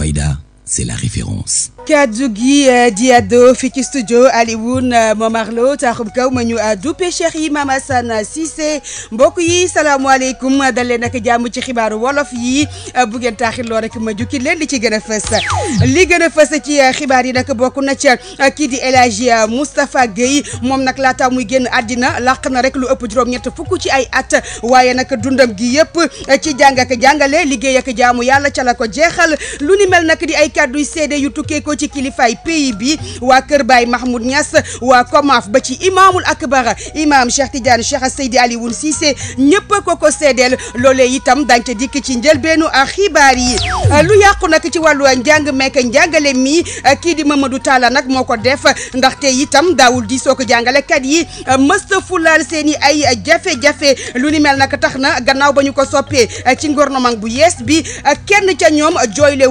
fayda c'est la référence. kaddu gi eh, di àddoo fii ci studio Alioune eh, Momar Lo taaxum kaw ma ñu duppe Cheikh yi Mame Assane Cissé mbokk yi salaamaaleykum dalee nak jàmm ci xibaaru wolof yi eh, bu ngeen taaxiloo rek ma jukki leen li ci gën a fës li gën a ci xibaar yi nak bokk na ca kii di El Hadji Moustapha Guèye moom nag laataa muy génn àddina làq na rek lu ëpp juróom-ñett fukk ci ay at waaye nag dundam gi yëpp ci jàng ak jàngale liggéey ak jaamu yàlla ca jeexal lu ni mel nag di ay. kàdduy seede yu tukkee ko ci kilifay pays bi waa Kër Baay Mahmoud Niass waa Komaaf ba ci imaamul akbar imaam Cheikh Tidiane Cheikh Seydi Alioune Cissé ñëpp ko ko seedeel loolee itam dan ca dikk ci njëlbeenu xibaar yi lu yàqu nag ci wàllu njàng meek njàngale mi kii di Mamadou Talla nag moo ko def ndaxte itam daawul di soo ko jàngalekat yi mësta fulaal seen i ay jafe-jafe lu ni mel nag tax na gannaaw ba ñu ko soppee ci gouvernement bu yees bi kenn ca ñoom jooyle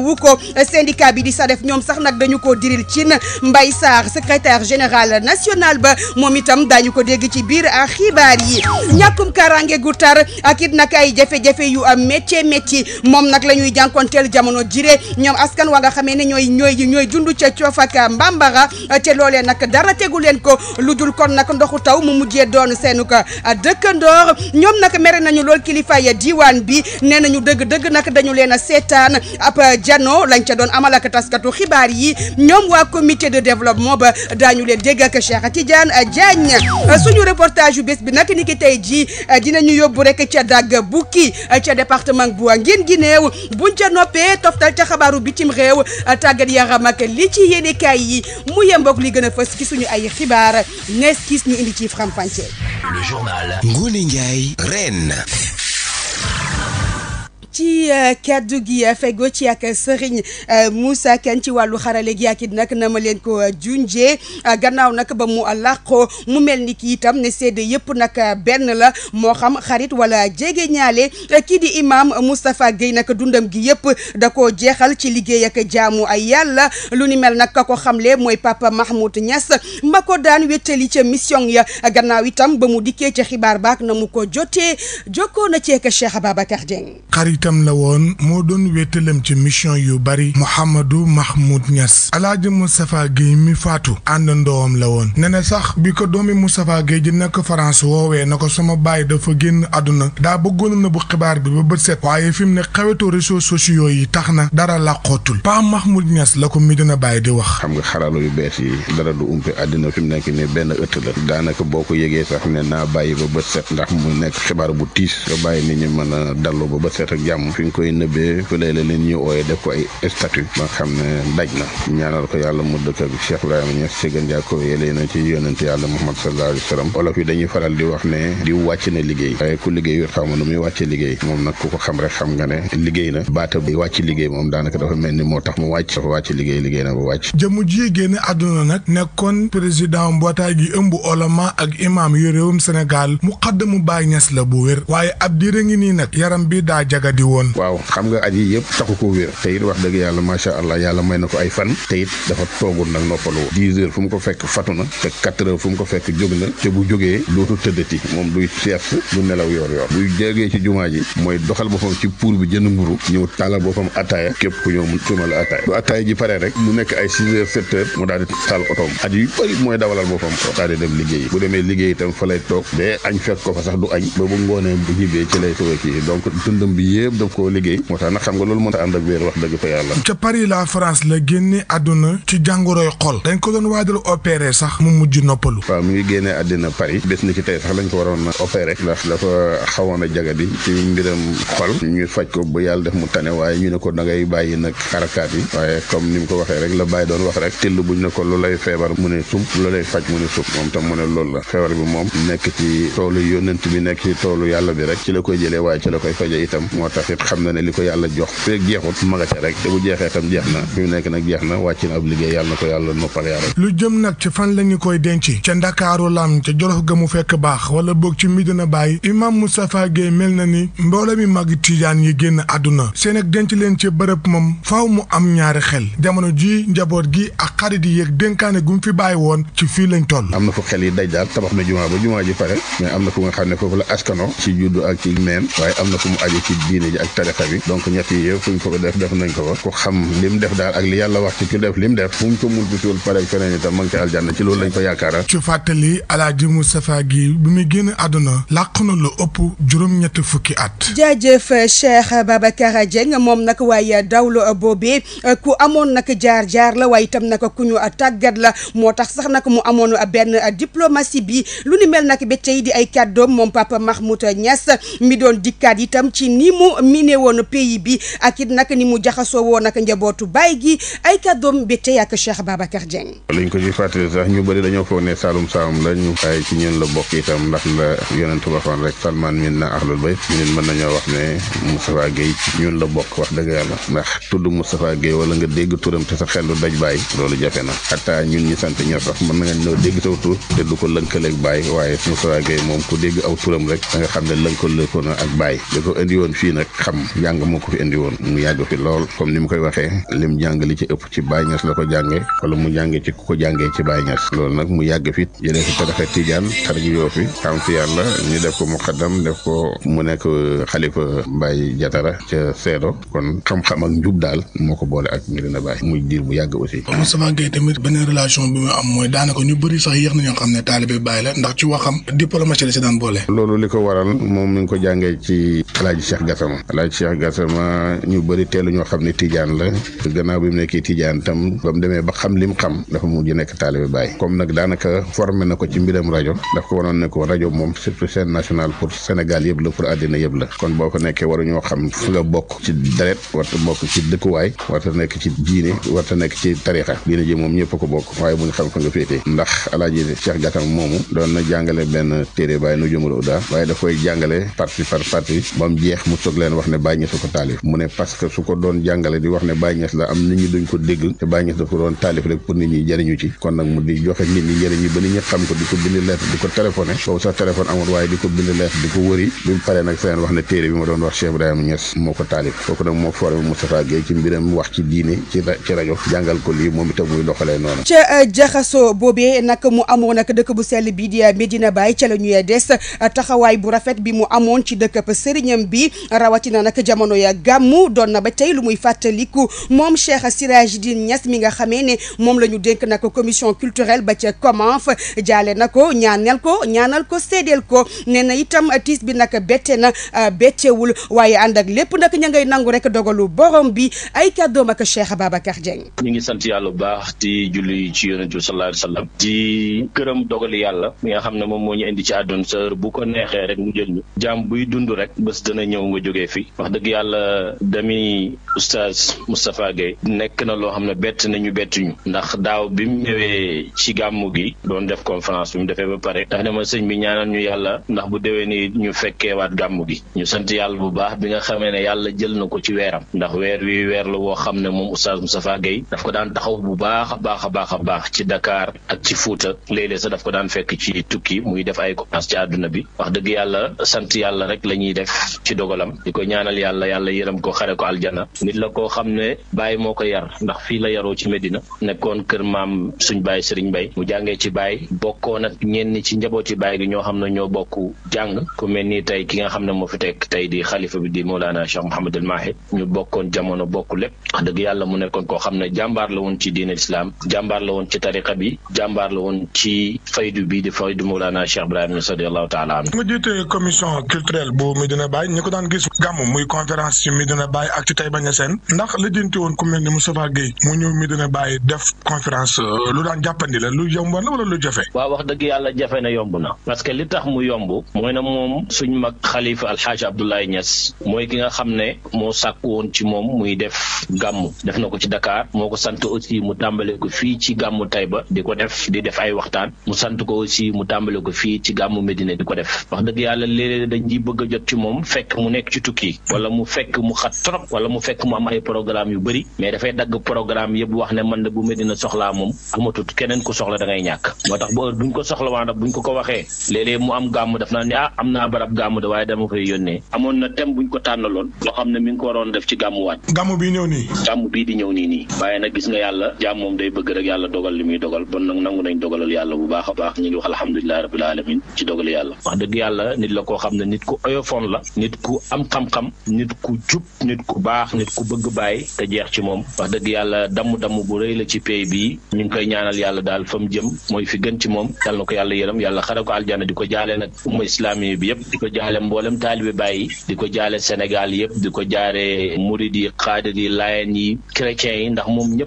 syndicat bi sa SADEF ñoom sax nag dañu koo diril cin Mbaye Sarr secrétaire général national ba moom itam daañu ko dégg ci biir ak xibaar yi ñàkkum kaaraange gu tar ak it nag ay jafe-jafe yu am métier métier moom nag la ñuy jànkonteel jamono jire ñoom askan wa nga xamee ne ñooy ñooy ñooy dund ca coof ak mbambara te loolee nag dara tegu leen ko lu dul kon nag ndoxu taw mu mujjee doon seenu ko dëkkandoor ñoom nag mere nañu lool kilifa ya diwaan bi nee nañu dëgg-dëgg nag dañu leen a seetaan ab amal ak taskatu xibaar yi ñoom waa comité de développement ba daañu leen dégg ak Cheikh Tidiane Diagne suñu reportage yu bés bi nag ni ki tey jii dinañu yóbbu rek ca dagg bukki ca département bu ngeen gi bu buñ ca noppee toftal ca xabaaru bitim réew tàggat yaram ak li ci yéene kaay yi mu yemboog li gën a fës ci suñu ay xibaar nees kiis ñu indi ci faram-fàccee. Le journal Ngoné Ndiaye ci euh, kaddu gi euh, fego ci ak Serigne euh, Moussa Kane ci wàllu xarale gi ak it nag na ma leen ko junjee gannaaw nag ba mu làqoo mu mel ni kii itam ne seede yëpp nag benn la moo xam xarit wala jege ñaale kii di imam Moustapha Guèye nag dundam gi yëpp da koo jeexal ci liggéey ak jaamu ay yàlla lu ni mel nag ka ko xamle mooy papa Mahmoud Niass ma ko daan weteli ci mission ya gannaaw itam ba mu dikkee ci xibaar baak na mu ko jotee jokkoo na ceek Cheikh Ababacar Dieng. xaritam la woon moo doon wéttalam ci mission yu bari Mouhamadou Mahmoud Niass alaaji Moustapha Guèye mi faatu àndandoowam la woon ne na sax bi ko doomi Moustapha Guèye ji nekk France woowee na ko sama baay dafa génn àdduna daa bëggoon na bu xibaar bi ba bët set waaye fi mu ne xewetu réseaux sociaux yi tax na dara làqootul Pa Mahmoud Niass la ko Medina bàyyi di wax. xam nga xaralu yu bees yi dara du umpe àddina fi mu nekk nii benn ëtt la daanaka boo ko yëgee sax ne naa bàyyi ba bët set ndax mu nekk xibaar bu tiis nga bàyyi nit ñi mën a dallu ba set ak jàmm fi ñu koy nëbbee fëlee la leen ñuy ooye def ko ay statut ba xam ne daj na ñaanal ko yàlla mu dëkk ak Cheikh Ibrahima Niass ci gën jaa ko yelee ci yonent yàlla Muhammad sallallahu wa sallam olof yi dañuy faral di wax ne di wàcc na liggéey waaye ku liggéey wut xawma nu muy wàcce liggéey moom nag ku ko xam rek xam nga ne liggéey na baata bi wàcc liggéey moom daanaka dafa mel ni moo tax mu wàcc dafa wàcc liggéey liggéey na ba wàcc jëmu ji génn àdduna nag nekkoon la bu wér waaye ab diire ngi nii nag yaram weddi woon waaw xam nga at yi yëpp taxu ko wér te wax dëgg yàlla macha allah yàlla may na ko ay fan te it dafa toogul nag noppalu dix heures fu mu ko fekk fatu na te quatre heures fu mu ko fekk jóg na te bu jógee dootu tëddati moom duy sieste du nelaw yoor yoor buy jógee ci jumaa ji mooy doxal boppam ci puur bi jënd mburu ñëw taalal boppam attaaya képp ku ñëw mu tuumal attaaya bu attaaya ji pare rek mu nekk ay six heures sept heures mu daal di taal otoom at yu bëri mooy dawalal dem liggéey bu demee liggéey itam fa lay toog bee añ fekk ko fa sax du añ ba bu ngoonee bu ñibbee ci lay toog kii donc dundam bi yëpp yëpp daf liggéey moo tax nag xam nga loolu mënta ànd ak wér wax dëgg fa yàlla ca Paris la France la génne àdduna ci jàngoroy xol dañ ko doon waajal opéré sax mu mujj noppalu waaw mi ngi génnee àddina Paris bés ni ki tey sax lañ ko waroon na opéré ndax dafa xawoon a jagadi ci mbiram xol ñu faj ko bu yàlla def mu tane waaye ñu ne ko da ngay bàyyi nag xarakaat yi waaye comme ni mu ko waxee rek la bàyyi doon wax rek till buñ ne ko lu lay feebar mu ne sub lu lay faj mu ne sub moom tam mu ne loolu la feebar bi moom nekk ci toolu yónnent bi nekk ci toolu yàlla bi rek ci la koy jëlee waaye koy faje itam tawfiq xam na ne li ko yàlla jox feeg jeexut ma nga ca tam jeex na fi nekk nag jeex na wàcc na ab liggéey na ko yàlla noppal yàlla lu jëm nag ci fan la ñu koy denc ca ndakaaru lam ca jolof ga mu fekk baax wala boog ci Medina Baye imam Moustapha Gueye mel na ni mbooloo mi mag tiijaan yi génn àdduna seen ak denc leen ci bërëb moom faaw mu am ñaari xel jamono ji njaboot gi xarit yi yeeg dénkaane gu mu fi bàyyi woon ci fii lañ toll am na fu xel yi daj daal tabax na jumaa ba jumaa ji pare mais am na fu na mu aju ci diine ji ak tarixa bi donc ñett fu ñu ko def def nañ ko fa ku xam li mu def daal ak li yàlla wax ci ku def li mu def fu mu ko mun tuutul pare feneen itam ma ngi ci aljanna ci loolu lañ ko yaakaara ci fàttali alaaji Moustapha gi bi muy génn àdduna làq na lu ëpp juróom-ñetti fukki at jaajëf Cheikh Babacar Dieng moom nag waaye dawlu boobee ku amoon nag jaar jaar la waaye itam nag ku ñu ah, tàggat la moo tax sax nag mu amoon a ah, benn ah, diplomatie bi lu ni mel nag ba di ay kàddoom moom papa Mahmoud Niass mi doon dikkaat tam ci ni mu miné woon pays bi ak it ni mu jaxasoo woon ak njabootu baay gi ay kàddoom ba tey ak Cheikh Babacar Dieng. lañ ko ci fàttali sax ñu bëri dañoo foog ne Saalum Saalum la ñu waaye ci ñun la bokk itam ndax la yonent waxoon rek Salman min na ahlul bayt ñun mën wax la bokk wax dëgg yàlla ndax tudd Moustapha Guèye wala nga dégg turam sa xel daj bàyyi loolu jafe na xataa ñun ñi sant ñoo sax mën nañ noo dégg saw tur te du ko lënkaleeg bàyyi waaye Moustapha Gueye moom ku dégg aw turam rek da xam ne lënkale ko na ak bàyyi da ko indi woon fii nag xam jàng moo ko fi indi woon mu yàgg fi lool comme ni mu koy waxee lim jàng li ci ëpp ci Baye Niass la ko jànge wala mu jànge ci ku ko jàngee ci Baye loolu nag mu yàgg fi jëlee fi taraxe Tidiane xarji yoo fi xam fi yàlla ñu def ko muqaddam def ko mu nekk xalifa Baye Jatara ca Seedo kon xam-xam ak njub daal moo ko boole ak ngir na bu yàgg aussi Moustapha Guèye tamit beneen relation bi mu am mooy daanaka ñu bëri sax yéex na ñoo xam ne taalibe Baay la ndax ci waxam diplomatie la si daan boole. loolu li ko waral moom mi ngi ko jàngee ci El Hadj Cheikh Gassama El Hadj Cheikh Gassama ñu bëri teelu ñoo xam ne Tijaan la gannaaw bi mu ba mu demee ba xam lim xam dafa mujj Baay comme nag daanaka formé na ko ci mbiram rajo daf ko wanoon ne ko rajo moom surtout chaîne nationale pour Sénégal yëpp la pour àddina yëpp la kon boo ko nekkee waruñoo xam fu nga bokk ci deret warta bokk ci dëkkuwaay warta nekk ci diine warta nekk ci tarixa diine ji moom ñëpp ko bokk waaye bu ñu xam fa nga féetee ndax alaaji Cheikh Gàttam moomu doon na mu jeex mu toog leen ne Baay Ñas ko taalif mu ne parce que su ko doon jàngale di wax ne Baay Ñas la am nit ñi duñ ko dégg te Baay Ñas da ko taalif rek pour nit ñi jëriñu ci kon nag mu di joxe nit ñi njëriñ yi ba nit ñi xam ko di ko bind lettre di ko téléphoné boobu sax téléphone amul waaye di ko bind lettre di ko wëri bi mu nag sa wax ne téere bi ma doon wax Cheikh Ibrahima Ñas moo ko taalif kooku nag moo formé Moustapha Gueye ci mbiram wax ci diine ci rajo jàngal ko lii moom te buy ca euh, jaxasoo boobee nag mu amoon nag dëkk bu sell bi di euh, Medina Baye ca la ñuy des euh, taxawaay bu rafet bi mu amoon ci dëkk ba sëriñam bi rawatina nag jamono ya gàmmu doon na ba tey lu muy fàttaliku moom Cheikh Sirajidine ñas mi nga xamee ne moom la ñu dénk nag commission culturelle ba ca COMAF jaale na ko ñaanal ko ñaanal ko seedeel ko nee itam tiis bi nag bette na bettewul waaye ànd ak lépp nag ña ngay nangu rek dogalu borom bi ay kàddoom ak Cheikh Babacar Dieng. baax di julli ci yonent bi sallallahu alayhi wa sallam di gërëm dogali yàlla mi nga xam ne moom moo ñu indi ci àdduna sa heure bu ko neexee rek mu jël ñu jaam buy dund rek bés na ñëw nga jógee fi wax dëgg yàlla dami oustaz Moustapha Guèye nekk na loo xam ne bett nañu bettuñu ndax daaw bi mu ñëwee ci gàmmu gi doon def conférence bi ñu defee ba pare ndax ne ma sëñ bi ñaanal ñu yàlla ndax bu dewee ni ñu fekkeewaat gàmmu gi ñu sant yàlla bu baax bi nga xamee ne yàlla jël na ko ci weeram ndax weer wi la woo xam ne moom oustaz Moustapha Guèye baax a baax a baax a baax ci Dakar ak ci Fuuta léeg-léeg sax daf ko daan fekk ci tukki muy def ay conférence ci àdduna bi wax dëgg yàlla sant yàlla rek la ñuy def ci dogalam di ko ñaanal yàlla yàlla yërëm ko xare ko aljana nit la koo xam ne bàyyi moo ko yar ndax fii la yaroo ci Medina nekkoon kër maam suñ bàyyi Serigne Mbaye mu jàngee ci bàyyi bokkoon ak ñenn ci njabooti bàyyi gi ñoo xam ne ñoo bokk jàng ku mel ni tey ki nga xam ne moo fi tek tey di xalifa bi di moo Cheikh Mouhamadul Mahi ñu bokkoon jamono bokk lépp diine lislaam jàmbaar la woon ci tariqa bi jàmbaar la woon ci faydu bi di faydu Mawlana Cheikh Ibrahim Niass radiyallahu taala anhu mu jiite commission culturelle bu Medina Baye ñu ko daan gis gàmm muy conférence ci Medina Baye ak ci Taïba Niassène ndax lijjanti woon ku mel ni Moustapha Guèye mu ñëw Medina Baye def conférence euh, lu daan jàppandi la lu yomb na wala lu jafe waaw wax dëgg yàlla jafe na yomb na parce que li tax mu yomb mooy na moom suñ mag xalifa alxaaji Abdoulaye Niass mooy ki nga xam ne moo sàkk woon ci moom muy def gàmm def tàmbale ko fii ci gàmmu ko def di def ay waxtaan mu sant ko aussi mu tàmbale ko fii ci gàmmu Medina di ko def wax dëgg yàlla léeg-léeg dañ ciy bëgg a jot ci moom fekk mu nekk ci tukki wala mu mu xat trop wala mu fekk mu am ay programme yu bëri mais dafay dagg programme yëpp wax ne man de bu Medina soxlaa moom amatut keneen ku soxla da ngay ñàkk moo tax ba buñ ko soxla waan buñ ko ko waxee léeg-léeg mu am gàmm daf naa ne ah am naa barab gàmm de waaye dama koy yónnee amoon na thème buñ ko tànnaloon loo xam ne mi ngi ko waroon def ci gàmmuwaat gàmm bi ñëw nii gàmm bii di ñëw nii nii waaye nag gis nga yàlla jaam moom day bëgg rek yàlla dogal li muy dogal bon nangu nañ dogalal yàlla bu baax a baax ñu ngi wax alhamdulilahi rabbil alamin ci dogal yàlla wax dëgg yàlla nit la koo xam ne nit ku oyofoon la nit ku am xam-xam nit ku jub nit ku baax nit ku bëgg bàyyi te jeex ci moom wax dëgg yàlla damm-damm bu rëy la ci pay bii ñu ngi koy ñaanal yàlla daal fa mu jëm mooy fi gën ci moom yàlla na ko yàlla yërëm yàlla xare ko aljana di ko jaale nag umma islami bi yëpp di ko jaale mboolem taalibe bàyyi di ko jaale Sénégal yëpp di ko jaare murid yi xaadir yi layen yi chrétiens yi ndax moom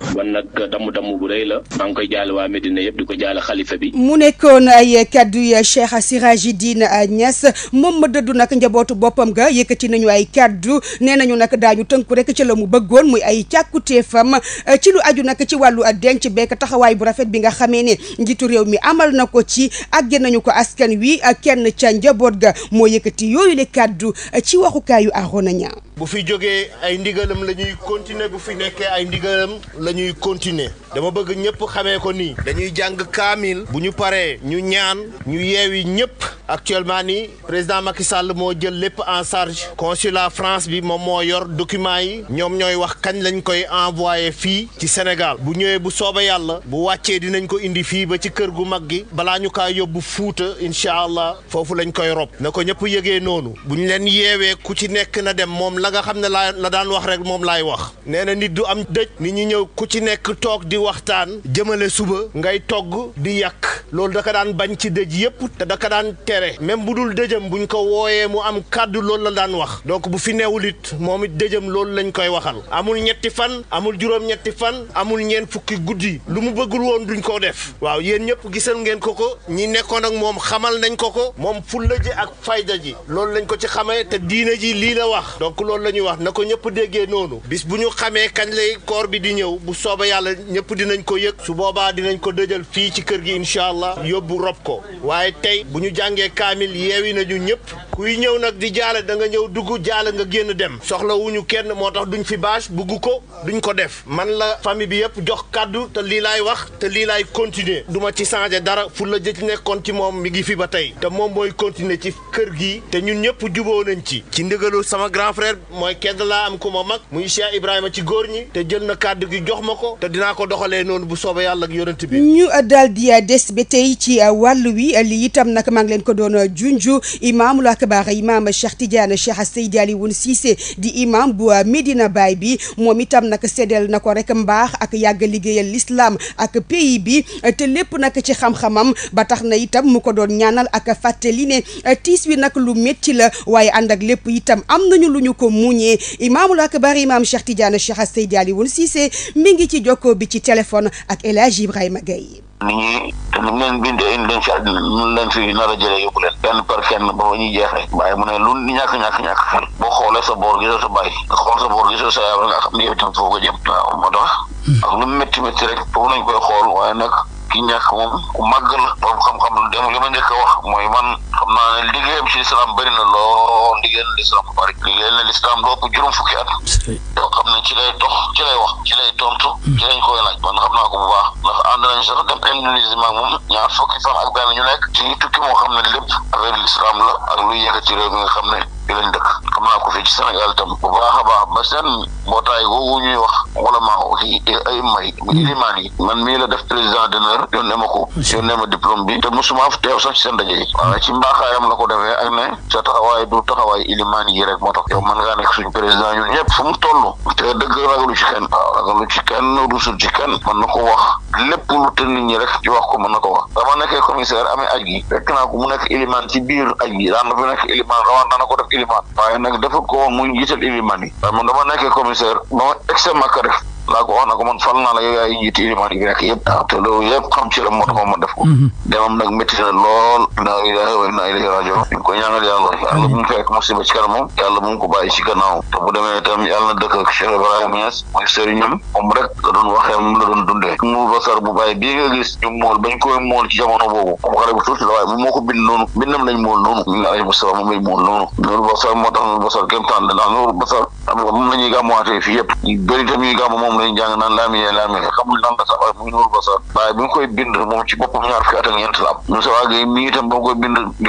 kon nag damm damm bu rëy la maa ngi koy jaal waa Medina yëpp di ko jaal xalifa bi. mu nekkoon ay kaddu yi diina a Niass moom ma dëddu nag njabootu boppam ga yëkkati nañu ay kaddu nee nañu nag daañu tënku rekk ci la mu bëggoon muy ay càkkuteefam ci lu aju nag ci wàllu denc beek taxawaay bu rafet bi nga xamee ne njiitu réew mi amal na ko ci àgge nañu ko askan wi kenn ca njaboot ga moo yëkkati yooyu le kaddu ci waxukaayu Arona Niang bu fi jógee ay ndigalam la ñuy continuer bu fi ay ndigalam. dañuy ñuy continuer dama bëgg ñëpp xamee ko nii dañuy jàng kaamil bu ñu paree ñu ñaan ñu yeewi ñëpp actuellement nii président Macky Sall moo jël lépp en charge consulat France bi moom moo yor documents yi ñoom ñooy wax kañ lañ koy envoyé fii ci Sénégal bu ñëwee bu sooba yàlla bu wàccee dinañ ko indi fii ba ci kër gu mag gi balaa ñu kaa yóbbu Fuuta incha allah foofu lañ koy rob na ko ñëpp yëgee noonu bu ñu leen yeewee ku ci nekk na dem moom la nga xam ne laa la daan wax rek moom laay wax nee nit du am dëj nit ñi ñëw ku ci nekk toog di waxtaan jëmale suba ngay togg di yàq loolu da daan bañ ci dëj yëpp tere même bu dul dëjëm buñ ko wooyee mu am kàddu loolu la daan wax donc bu fi neewul it moom it dëjëm loolu lañ koy waxal amul ñetti fan amul juróom-ñetti fan amul ñeent fukki guddi lu mu bëggul woon duñ ko def waaw yéen ñëpp gisal ngeen ko ko ñi nekkoon ak moom xamal nañ ko ko moom fulla ji ak fayda ji loolu lañ ko ci xamee te diina ji lii la wax donc loolu la ñuy wax na ko ñëpp déggee noonu bis bu ñu xamee kañ lay koor bi di ñëw bu soobee yàlla ñëpp dinañ ko yëg su boobaa dinañ ko dëjal fii ci kër gi incha allah yóbbu rob ko wàccee kaamil yeewi nañu ñëpp kuy ñëw nag di jaale da nga ñëw dugg jaale nga génn dem soxlawuñu kenn moo tax duñ fi bâche bugg ko duñ ko def man la famille bi yëpp jox kàddu te lii laay wax te lii laay continuer duma ci changer dara fu la jëc nekkoon ci moom mi ngi fi ba tey te moom mooy continuer ci kër gi te ñun ñëpp juboo nañ ci ci ndigalu sama grand frère mooy kenn laa am ku ma mag muy Cheikh Ibrahima ci góor ñi te jël na kàddu gi jox ma ko te dinaa ko doxalee noonu bu soobee yàlla ak yonent doon junju imaamul akbar imaam Cheikh Tidiane Cheikh Seydi Alioune Cissé di imaam bu uh, Medina baay bi moom itam nag seddeel na ko rek mbaax ak yàgg liggéeyal l'islam ak pays bi uh, te lépp nag ci xam-xamam ba tax na itam mu ko doon ñaanal ak fàttali ne uh, tiis bi nag lu métti la waaye ànd ak lépp itam am nañu lu ñu ko muñee imaamul akbar imaam Cheikh Tidiane Cheikh Seydi Alioune Cissé mi ngi ci jokkoo bi ci téléphone ak El Hadj Ibrahima ni ñuy ni mu leen bind ay leen fi àddina ñu leen fi nar a jëlee yóbbu leen kenn par kenn ba ba ñuy jeex rek waaye ne lu ñàkk-ñàkk ñàkk xel boo xoolee sa boor gisoo sa bàyyi nga xool sa boor nga xam ne yow itam foo ko ndax lu métti métti rek foofu nañ koy xool waaye nag ki ñàkk moom ku màgg la borom xam-xam dem li ma njëkk wax mooy man xam naa ne liggéeyam ci lislaam bëri na lool liggéeyal na lislaam bu bari liggéeyal na lislaam doo ko juróom fukki at yoo xam ne ci lay dox ci lay wax ci lay tontu ci lañ koy laaj man xam naa ko bu baax ndax ànd nañ sax dem Indonésie maag moom ñaar fukki fan ak benn ñu nekk ci ñu tukki moo xam ne lépp avec lislaam la ak luy yëkkati réew mi nga xam ne ci lañ dëkk naa ko fii ci Sénégal tam ba baax a baax ba seen mbootaay googu ñuy wax wala ma aussi ay may bu hmm. ilimaan yi man mii la def président d'honneur yónnee ma ko yónnee ma diplôme bi te mosuma fa teew sax ci seen daje yi waaye ci mbaaxaayam la ko defee ak ne sa taxawaay du taxawaay ilimaan yi rek moo tax yow mën ngaa nekk suñu président ñun ñëpp fu mu toll te dëgg ragalu ci kenn waaw ah, ragalu ci kenn rusul ci kenn mën na ko wax lépp lu te nit ñi rek ci wax ko mën na ko wax dama nekkee commissaire amee aj gi gi daan na fi nekk ko def iliman waaye nag dafa ko wax mu jiital iliman yi waaye man dama nekkee commissaire ba ma egce màkka def laa ko wax na ko man fal naa la yow yaay jiite iliman yi nekk yëpp waaw ah, te loolu yëpp xam def ko mhm. demam nag métti lool inna ilaahi wa ko ñaanal yàlla yàlla bu mu ci kanamam yàlla bu mu ko bàyyi ci gannaaw te bu demee itam yàlla na dëkk ak Cheikh Ibrahima Niass mooy sëriñam moom rek a doon waxee moom la doon dundee mu basar bu bàyyi bii nga gis ñu mool bañ koy mool ci jamono boobu moom xale bu tuuti la waaye moom moo ko bind noonu lañ mool noonu ñu ne ay basar moom lañ naan basar waaye koy bind moom ci boppam ñaar fukki at ak ñeent la am ñu sa waagee ba koy bind di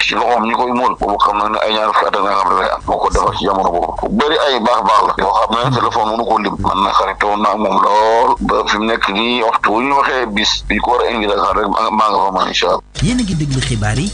ci loxoom ñu koy mool boobu xam na ne ay ñaar fukki at ak nga xam am moo ko ci jamono boobu bëri ay baax baax la yoo xam ne téléphone mënu ko lim jàppante woon na ak moom lool ba fi mu nekk nii waxtu wu ñu waxee bis bi ko war a indi Dakar rek maa nga fa man incha allah. yéen a ngi déglu xibaar yi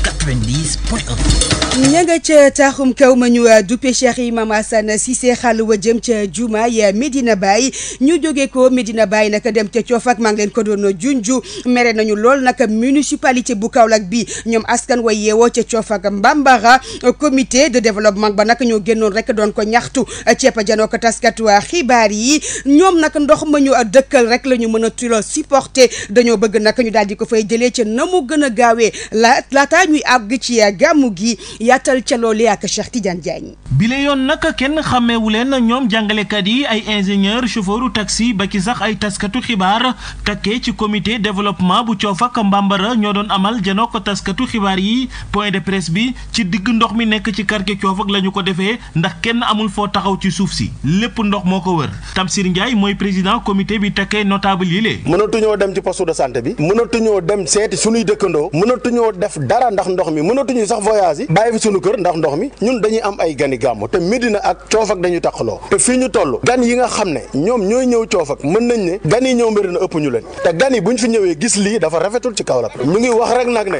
90 ca taaxum kew ma ñu euh, duppe Cheikh Imam Assane Cissé xàll wa jëm ca Juma ya médina Baye ñu jóge ko médina Baye naka dem ca Coof ak maa ngi leen ko doon junju mere nañu lool naka municipalité bu Kaolack bi ñoom askan wa yeewoo ca Coof ak Mbambara comité de développement ba naka ñoo génnoon rek doon ko ñaxtu ceeb a janoo ko taskatu xibaar yi ñoom nag ndox ma ñu euh, dëkkal rek lañu ñu mën a tulo supporter dañoo bëgg naka ñu daal di ko fay jëlee ca na mu gën a gaawee bi àgg ci gàmmu gi yaatal ca loolee ak Cheikh Tidiane Diagne. bile yoon nag kenn xàmmeewu leen na ñoom jàngalekat yi ay ingénieur chauffeuru taxi ba ci sax ay taskatu xibaar takkee ci comité développement bu coof ak mbambara ñoo doon amal janoo ko taskatu xibaar yi point de presse bi ci digg ndox mi nekk ci quartier coof ak la ñu ko defee ndax kenn amul foo taxaw ci suuf si lépp ndox moo ko wër Tamsir Ndiaye mooy président comité bi takkee notable yi lee mënatuñoo dem ci poste de santé bi mënatuñoo dem seeti suñuy dëkkandoo mënatuñoo def dara ndax ndox mi mënatuñu sax voyage bàyyi fi sunu kër ndax ndox mi ñun dañuy am ay gani gàmmu te Médina ak coofak dañu taqaloo te fii ñu toll gan yi nga xam ne ñoom ñooy ñëw coofak mën nañ ne gan yi ñëw Médina ëpp ñu leen te gan yi buñ fi ñëwee gis lii dafa rafetul ci kaw Kaolack ñu ngi wax rek nag ne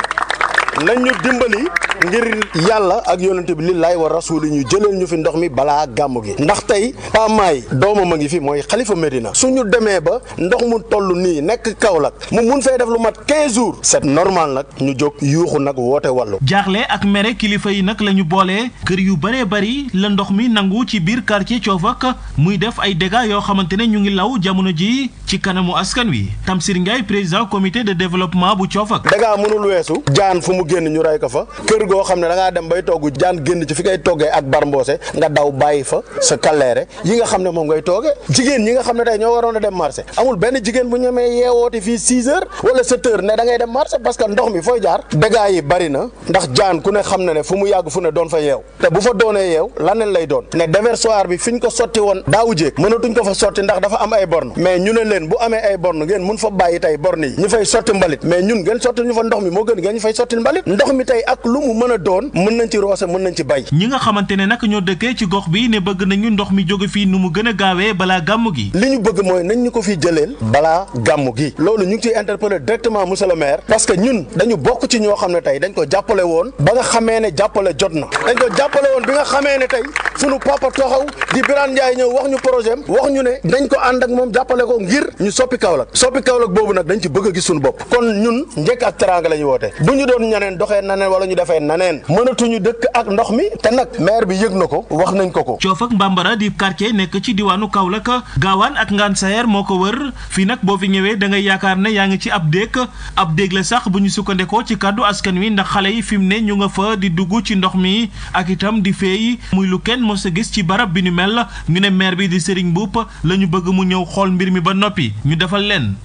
nañu dimbali ngir yàlla ak yonent bi lillaay wa rasuuli ñu jëleel ñu fi ndox mi balaa gàmmu gi ndax tey pamaay doomam a ngi fi mooy xalifa Medina suñu demee ba ndox mu toll nii nekk Kaolack mu mun fee def lu mat 15 jours c'est normal nag ñu jóg yuuxu nag woote wàllu jaaxle ak mere kilifa yi nag la ñu boolee kër yu bëree bëri la ndox mi nangu ci biir quartier Coofak muy def ay dégâts yoo xamante ne ñu ngi law jamono ji ci kanamu askan wi Tamsir Ndiaye président comité de développement bu Coofak mu génn ñu rey ko fa kër goo xam ne da dem bay togg jaan génn ci fi ngay toggee ak bar nga daw bàyyi fa sa kaleere yi nga xam ne moom ngay toogee jigéen ñi nga xam ne tey ñoo waroon a dem marché parce que ndox mi fooy jaar dégâts yi bari ndax jaan ku ne xam na ne fu mu yàgg fu ne doon fa yeew te bu fa doonee yeew laneen lay doon ne déversoir bi fi ñu ko sotti woon daawu jéeg mënatuñ ko fa sotti ndax dafa am ay borne mais ñu ne leen bu mbalit ndox mi tey ak lu mu mën a doon mën nañ ci roose mën nañ ci bay ñi nga xamante ne nag ñoo dëkkee ci gox bi ne bëgg nañu ndox mi jóge fii nu mu gën a gaawee balaa gàmmu gi li ñu bëgg mooy nañ ñu ko fii jëleel balaa gàmmu gi loolu ñu ngi ciy interpeller directement monsieur le maire parce que ñun dañu bokk ci ñoo xam ne tey dañ ko jàppale woon ba nga xamee ne jàppale jot na dañ ko jàppale woon bi nga xamee ne tey suñu papa taxaw di Birane Ndiaye ñëw wax ñu projet wax ne dañ ko ànd ak moom jàppale ko ngir ñu soppi Kaolack soppi Kaolack boobu nag dañ ci bëgg a suñu bopp kon ñun njëkk ak la ñu woote neneen doxee na neen wala ñu defee na neen mënatuñu dëkk ak ndox mi te nag maire bi yëg na ko wax nañ ko ko coof ak mbambara di quartier nekk ci diwaanu ka gaawaan ak ngaan sayer moo ko wër fii nag boo fi ñëwee da ngay yaakaar ne yaa ngi ci ab déeg ab déeg la sax bu ñu sukkandekoo ci kàddu askan wi ndax xale yi fi mu ne ñu nga fa di dugg ci ndox mi ak itam di feey muy lu kenn mos a gis ci barab bi ñu mel ñu ne maire bi di Serigne Mboup la ñu bëgg mu ñëw xool mbir mi ba noppi ñu defal leen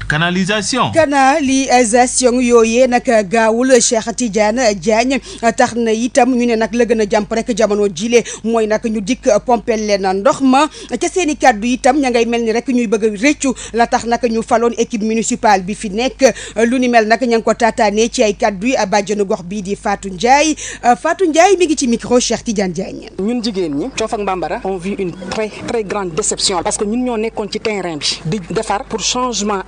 Tidiane Diagne tax na itam ñu ne nag la gën a jàmp rek jamono jile mooy nag ñu dikk pompel leen ndox ma ca seen i kàddu itam ña ngay mel ni rek ñuy bëgg a réccu la tax nag ñu faloon équipe municipale bi fi nekk lu ni mel nag ña ngi ko taataanee ci ay kàddu yi bàjjenu gox bii di Fatou Ndiaye Fatou Ndiaye mi ngi ci micro Cheikh Tidiane Diagne. ñun jigéen ñi Coof ak Bambara on vit une très grande déception parce que ñun ñoo nekkoon ci terrain bi di defar pour changement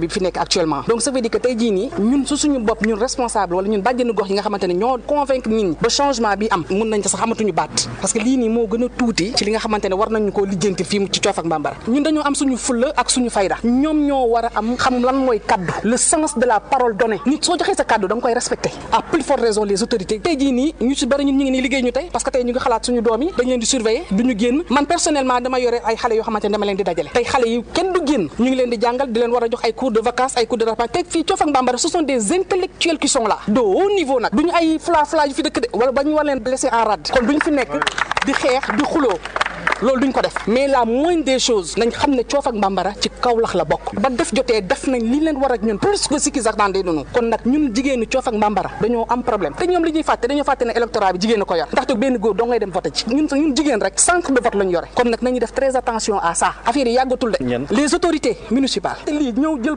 bi fi nekk actuellement suñu bopp ñun responsable wala ñun bàjjenu gox yi nga xamante ñoo convaincre nit ba changement bi am mun nañ sax amatuñu baat parce que lii nii moo gën tuuti ci li nga xamante war nañu koo lijjanti fii ci coof ak ñun dañoo am suñu fulla ak suñu fayda ñoom ñoo war am xam lan mooy kaddu le sens de la parole donnée nit soo joxee sa kaddu da koy respecté à plus forte raison les autorités tey jii nii ñu ci bëri ñun ñu ngi nii liggéey intellectuels qui sont là de haut niveau nag duñu ay fla fla fi dëkk de wala ba ñu war leen blessé en rade kon duñ fi nekk di xeex di xuloo loolu duñ ko def mais la moindre des choses nañ xam ne coof ak bambara ci Kaolack la bokk ba def jotee def nañ li leen war ak ñun plus que sikki sax daan nunu kon nag ñun jigéenu coof ak dañoo am problème te ñoom li ñuy fàtte dañoo fàtte ne électorat bi jigéen ko yor ndaxte benn góor doo ngay dem vote ci ñun jigéen rek centre de vote lañ yore kon nag nañuy def très attention à ça affaire yàggatul de les autorités municipales lii ñëw jël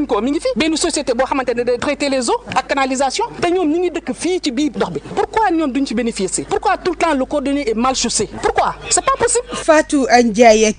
Sinko mi ngi fi benn société boo xamante ne day traité les eaux ak canalisation te ñoom ñi ngi dëkk fii ci biir ndox bi pourquoi ñoom duñ le temps le coordonné est mal chaussé pourquoi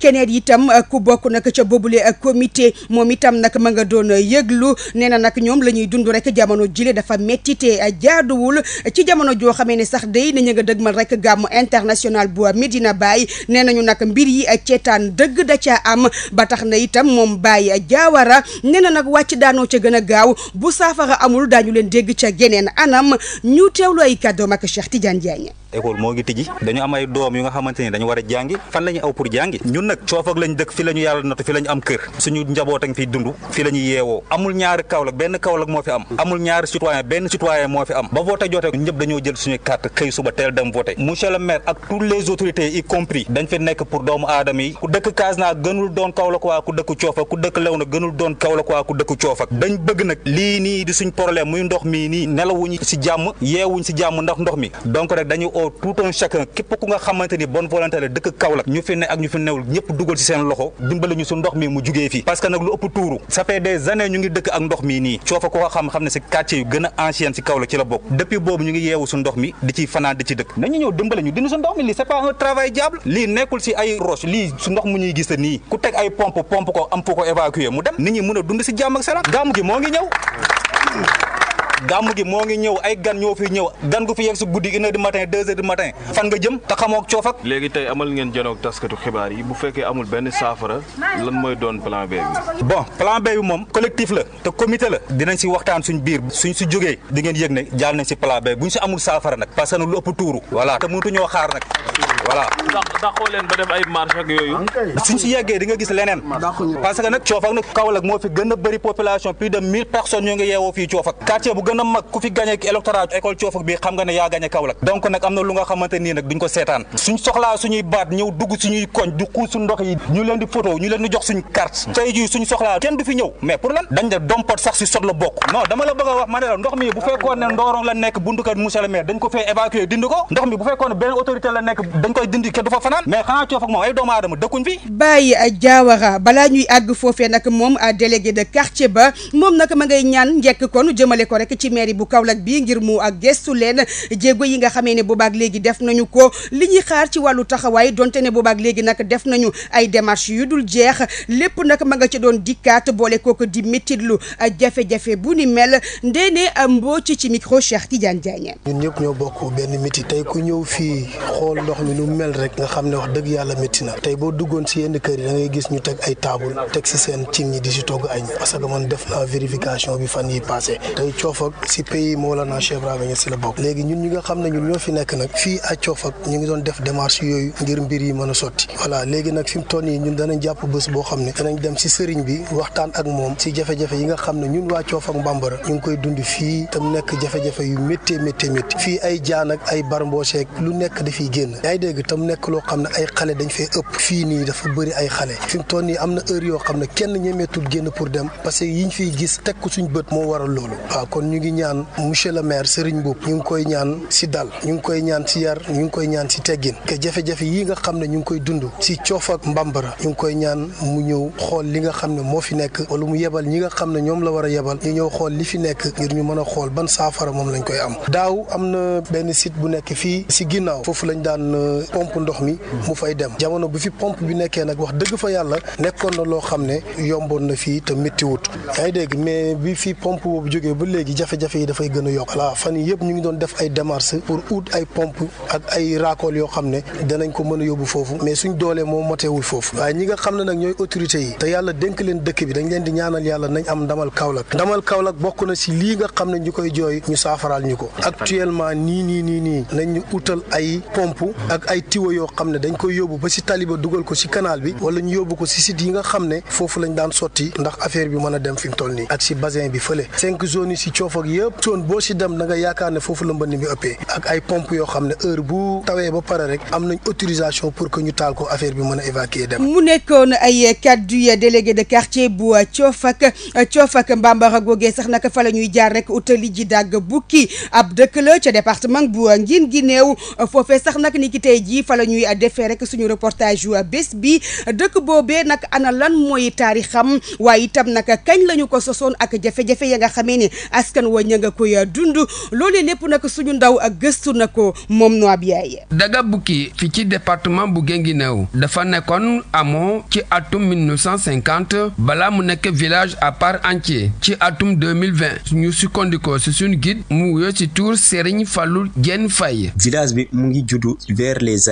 keneen itam euh, ku bokk nag ca boobule euh, comité moom itam nag ma nga doon euh, yëglu nee na nag ñoom la ñuy dund rek jamono jile dafa métti te jaaduwul ci jamono joo xamee ne sax day nañu nga dëgmal rek gàmmu international bu Medina Baye nee nañu nag mbir yi ceetaan dëgg da caa am ba tax na itam moom Baye Diawara nee na nag wàcc daanoo ca gën a gaaw bu saafara amul daañu leen dégg ca geneen anam ñu teewlu ay kàddoom ak Cheikh Tidiane Diagne. école moo ngi tijji dañu am ay doom yu nga xamante ni dañu war a jàngi fan la ñuy aw pour jàngi ñun nag coofoog lañ dëkk fi la ñu yàlla notu fi la ñu am kër suñu njaboot a ngi fiy dund fi la ñuy yeewoo amul ñaari Kaolack benn Kaolack moo fi am amul ñaari citoyen benn citoyen moo fi am ba voté jotee ñëpp dañoo jël suñu carte xëy suba teel dem dañ fi nekk pour doomu aadama yi ku dëkk Kasna gënul doon Kaolack waa dëkku bëgg nag lii nii di suñ problème muy ndox mii nii nelawuñu si jàmm yeewuñ si jàmm ndax ndox mi donc rek dañu oo tout un képp ku nga xamante ni bonne dëkk Kaolack ñu fi ne ak ñu fi newul ñëpp dugal si seen loxo dimbali ñu coofa ko xam-xam ne si quartier yu gën a si Kaolack ci la bokk depuis boobu ñu ngi yeewu su ndox mi di ci fanaan di ci dëkk nañu ñëw dimbali ñu dindi su ndox mi lii c'est pas un travail lii nekkul si a jàmm ak salaam gi moo ngi ñëw gàmm gi moo ngi ñëw ay gan ñoo fi ñëw gan gu fi yegg si guddi une heure du matin deux heures du matin fan nga jëm te xamoo coof léegi tey amal ngeen janoog taskatu xibaar yi bu fekkee amul benn saafara lan mooy doon plan B bi bon plan B moom collectif la te comité la dinañ si waxtaan suñ biir suñ si jógee dingeen ngeen ne jaar nañ si plan B bu ñu si amul saafara nag parce que lu ëpp tuuru voilà te mënutu ñoo xaar nag dàqoo leen ba def ay marche ak yooyu ah, suñ si yeggee di gis leneen parce que nag Coof nag moo fi gën a bëri population plus de mille personnes ñoo ngi yeewoo fii Coof ak bu gën a mag ku fi gagné électorat école Coof bi xam nga ne yaa gagné Kaolack donc nag am na lu nga xamante nii nag duñ ko seetaan suñ soxlaa suñuy baat ñëw dugg suñuy koñ du xuus suñ ndox yi ñu leen di photo ñu leen di jox suñ carte tey jii suñ soxlaa kenn du fi fanaan mais xanaa coof ak moom ay doomu aadama dëkkuñ fi Baye Diawara balaa ñuy àgg foofee nag moom a délégué de quartier ba moom nag ma ngay ñaan njekk kon jëmale ko rek ci mairie bu Kaolack bi ngir mu ak gestu leen jéego yi nga xamee ne boobaak léegi def nañu ko li ñuy xaar ci wàllu taxawaay donte ne boobaak léegi nag def nañu ay démarches yu dul jeex lépp nag ma nga ca doon dikkaat boole kooku di méttitlu jafe-jafe bu ni mel ndeene mbooc ci micro Cheikh Tidiane Diagne ñun ñëpp ñoo bokk benn métti tey ku ñëw xam ne wax dëgg yàlla métti na tey boo duggoon si yenn kër yi da ngay gis ñu teg ay taabul teg si seen cin ñi di si togg léegi ñun ñi nga xam ne ñun ñoo fi nekk nag fii à coofak ñu ngi doon def démarche yooyu ngir mbir yi mën a sotti voilà léegi nag fi mu toll nii ñun danañ jàpp bés boo xam ne danañ dem si sëriñ bi waxtaan ak moom si jafe-jafe yi nga xam ne ñun waa coofak Bambara ñu ngi koy dund fii tam nekk jafe-jafe yu méttee méttee métti fii ay jaan ak ay barmbooseek lu nekk dafiy génn xam ne ay xale dañ fee ëpp fii nii dafa bëri ay xale fi mu toll nii am na heure yoo xam ne kenn ñemeetul génn pour dem parce que yiñ fiy gis teg ko suñ bët moo waral loolu kon ñu ngi ñaan monsieur le maire Serigne Mboup ñu ngi koy ñaan si dal ñu ngi koy ñaan si yar ñu ngi koy ñaan si teggin que yi nga xam ne ñu ngi koy dund si coof ak mbambara ñu ngi koy ñaan mu ñëw xool li nga xam ne moo fi nekk wala mu yebal ñi nga xam ne ñoom la war a yebal ñu ñëw xool li fi nekk ngir ñu mën a xool ban saafara moom lañ koy am daaw am na benn site bu nekk fii si ginnaaw foofu lañ daan euh, pompe ndox mi mi mu fay dem jamono bu fi pompe bi nekkee nag wax dëgg fa yàlla nekkoon na loo xam ne yomboon na fii te métti wut yaa ngi dégg mais bi fi pompe boobu jógee ba léegi jafe-jafe yi dafay gën a yokk voilà fan yi yëpp ñu ngi doon def ay démarches pour ut ay pompe ak ay raakool yoo xam ne danañ ko mën a yóbbu foofu mais suñ doolee moo moteewul foofu waaye ñi nga xam ne nag ñooy autorités yi te yàlla dénk leen dëkk bi dañ leen di ñaanal yàlla nañ am ndamal Kaolack ndamal Kaolack bokk na si lii nga xam ne ñu koy jooy ñu saafaraal ñu ko actuellement nii nii nii nii nañ xam ne dañ koy yóbbu ba si taliba dugal ko si canal bi wala ñu yóbbu ko si site yi nga xam ne foofu lañ daan sotti ndax affaire bi mën a dem fi mu nii ak si bassin bi fële cinq zones si coof ak yëpp boo si dem da nga yaakaar ne foofu a évacuer dem mu nekkoon ay kaddu délégué de quartier bu coof ak coof googee sax naka fa ñuy jaar rek utali ji dàgg bukki ab dëkk la ca département bu ngin gi néew foofee sax nag ni ki tey jii fa ñuy defee rek suñu reportage yu bés bi dëkk boobee nag ana lan mooy taarixam waaye itam nag kañ la ñu ko sosoon ak jafe ya nga xamee ne askan wa ña nga koy dund loolee lépp nag suñu ndaw gëstu na ko moom Noab Yaay. Dagabouki fi ci departement bu Guinguinéo dafa nekkoon amoo ci atum 1950 balaa mu nekk village à part entier ci atum 2020 ñu sukkandikoo si suñu guide mu wuyoo si tur Serigne Fallou Diène Faye. village bi mu ngi juddu vers les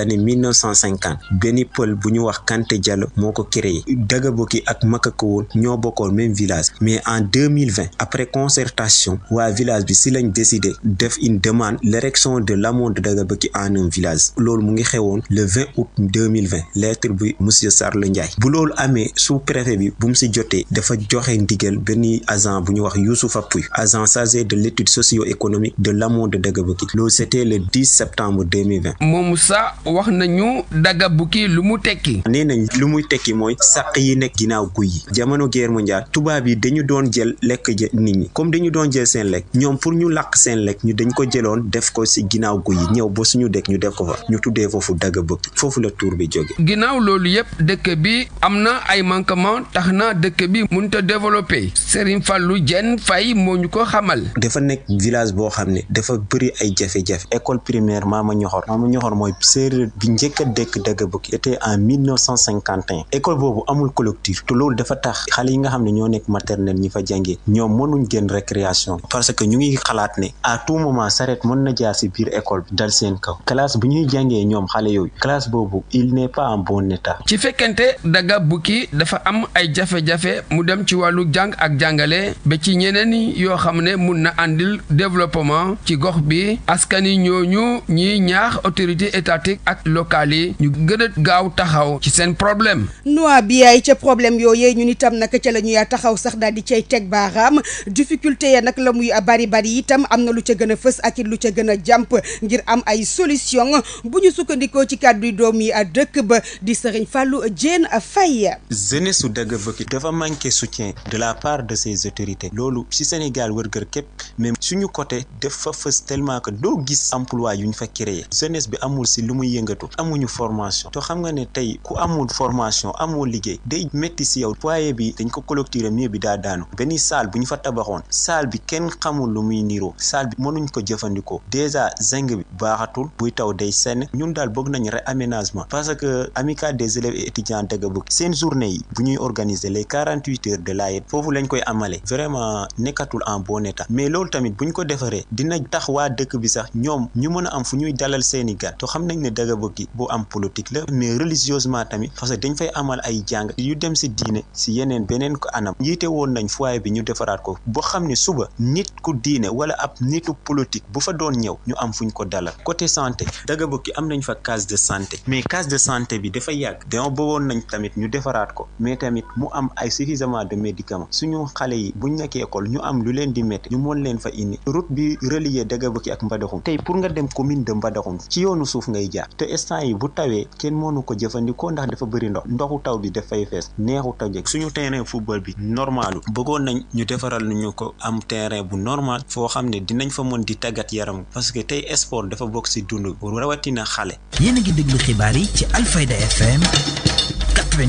1950 benn pël bu ñu wax Kanté Diallo moo ko créé Dagaboki ak Makakawul ñoo bokkoon même village mais en 2020 après concertation waa village bi si lañ décidé def une demande l'érection de l'hameau de Dagaboki en un village loolu mu ngi xewoon le 20 août 2020 lettre bi monsieur Sarlo Ndiaye bu loolu amee su préfet bi bu mu si jotee dafa joxe ndigal benn agent bu ñu wax Youssoufa Pouy agent chargé de l'étude socio-économique de l'hameau de Dagaboki loolu c'était le 10 septembre 2020 moom Moussa wax nañu daga bukki lu mu tekki nee nañ lu muy tekki mooy saq yi nekk ginnaaw guy yi jamono guerre mondiale tubaab yi dañu doon jël lekk ja nit ñi comme dañu doon jël seen lekk ñoom pour ñu làq seen lekk ñu dañ ko jëloon def ko si ginnaaw guy yi ñëw ba suñu dëkk ñu def ko fa ñu tuddee foofu dagg bukki foofu la tour bi jóge ginnaaw loolu yëpp dëkk bi am na ay manquement tax na dëkk bi mun a développé seriñ Fallou jenn fay moo ñu ko xamal dafa nekk village boo xam ne dafa bëri ay jafe-jafe école primaire njëkk a dëkk dagg bukki était en 1951 boobu amul clôture te dafa tax xale yi nga xam ne ñoo nekk maternelle ñi fa jàngee ñoom mënuñ génn récréation parce que ñu ngi xalaat ne à tout moment saret mën na jaar si biir école bi dal seen kaw classe bu ñuy jàngee ñoom xale yooyu classe boobu il n'est pas en bon ci fekkente daga bukki dafa am ay jafe-jafe mu dem ci wàllu jàng ak jàngale ba ci ñeneen yoo xam ne mun na àndil développement ci gox bi askan yi ñooñu ñiy ñaax autorité étatique locales ñu gën a gaaw taxaw ci seen problème noi bi yaay ca problème yooyee ñun itam nag ca la ñuy taxaw sax daal di cay teg baaraam difficulté ya nag la muy bari bari itam am na lu ca gën a fës ak it lu ca gën a jàmp ngir am ay solution bu ñu sukkandikoo ci kàddu doom yi dëkk ba di Serigne Fallou Diène Faye jeunesse su dëgg bëgg dafa manqué soutien de la part de ses autorités loolu ci Sénégal wërgër képp mais suñu côté dafa fës que doo gis emploi yu ñu fa créé bi amul si lu muy yëngatu amuñu formation te xam nga ne tey ku amul formation amoo liggéey day métti si yow foyer bi dañ ko clôturer mieux bi daa daanu benn salle bu ñu fa tabaxoon salle bi kenn xamul lu muy niroo salle bi mënuñ ko jëfandikoo déjà zinc bi baaxatul buy taw day senn ñun daal bëgg nañ réaménagement parce que amicale des élèves et étudiants Dagabou seen journée yi bu ñuy organiser les quarante huit heures de l'AED foofu lañ koy amalee vraiment nekkatul en bon mais loolu tamit buñ ko defaree dina tax waa dëkk bi sax ñoom ñu mën a am fu ñuy dalal seeni gan politique bu am politique la mais religieusement tamit parce que dañ fay amal ay jàng yu dem si diine si yeneen beneen ko anam njiite woon nañ foyer bi ñu defaraat ko boo xam ne suba nit ku diine wala ab nitu politique bu fa doon ñëw ñu am fuñ ko dalal côté santé Dagabëkki am nañ fa case de santé mais case de santé bi dafa yàgg donc woon nañ tamit ñu defaraat ko mais tamit mu am ay suffisamment de médicaments suñu xale yi buñ nekkee école ñu am lu leen di métti ñu mën leen fa indi route bi relier Dagabëkki ak Mbadakhoune tey pour nga dem commune de Mbadakhoune ci yoonu suuf ngay jaar temps yi bu tawee kenn mënu ko jëfandikoo ndax dafa bari ndox ndoxu taw bi dafay fees neexu taw jëkk suñu terrain football bi normalu bëggoon nañ ñu defaral nañu ko am terrain bu normal foo xam ne dinañ fa mën di tàggat yaram parce que tey sport dafa bokk si dund rawatina xale. yéen a diglu xibaar yi ci Alfayda FM. 90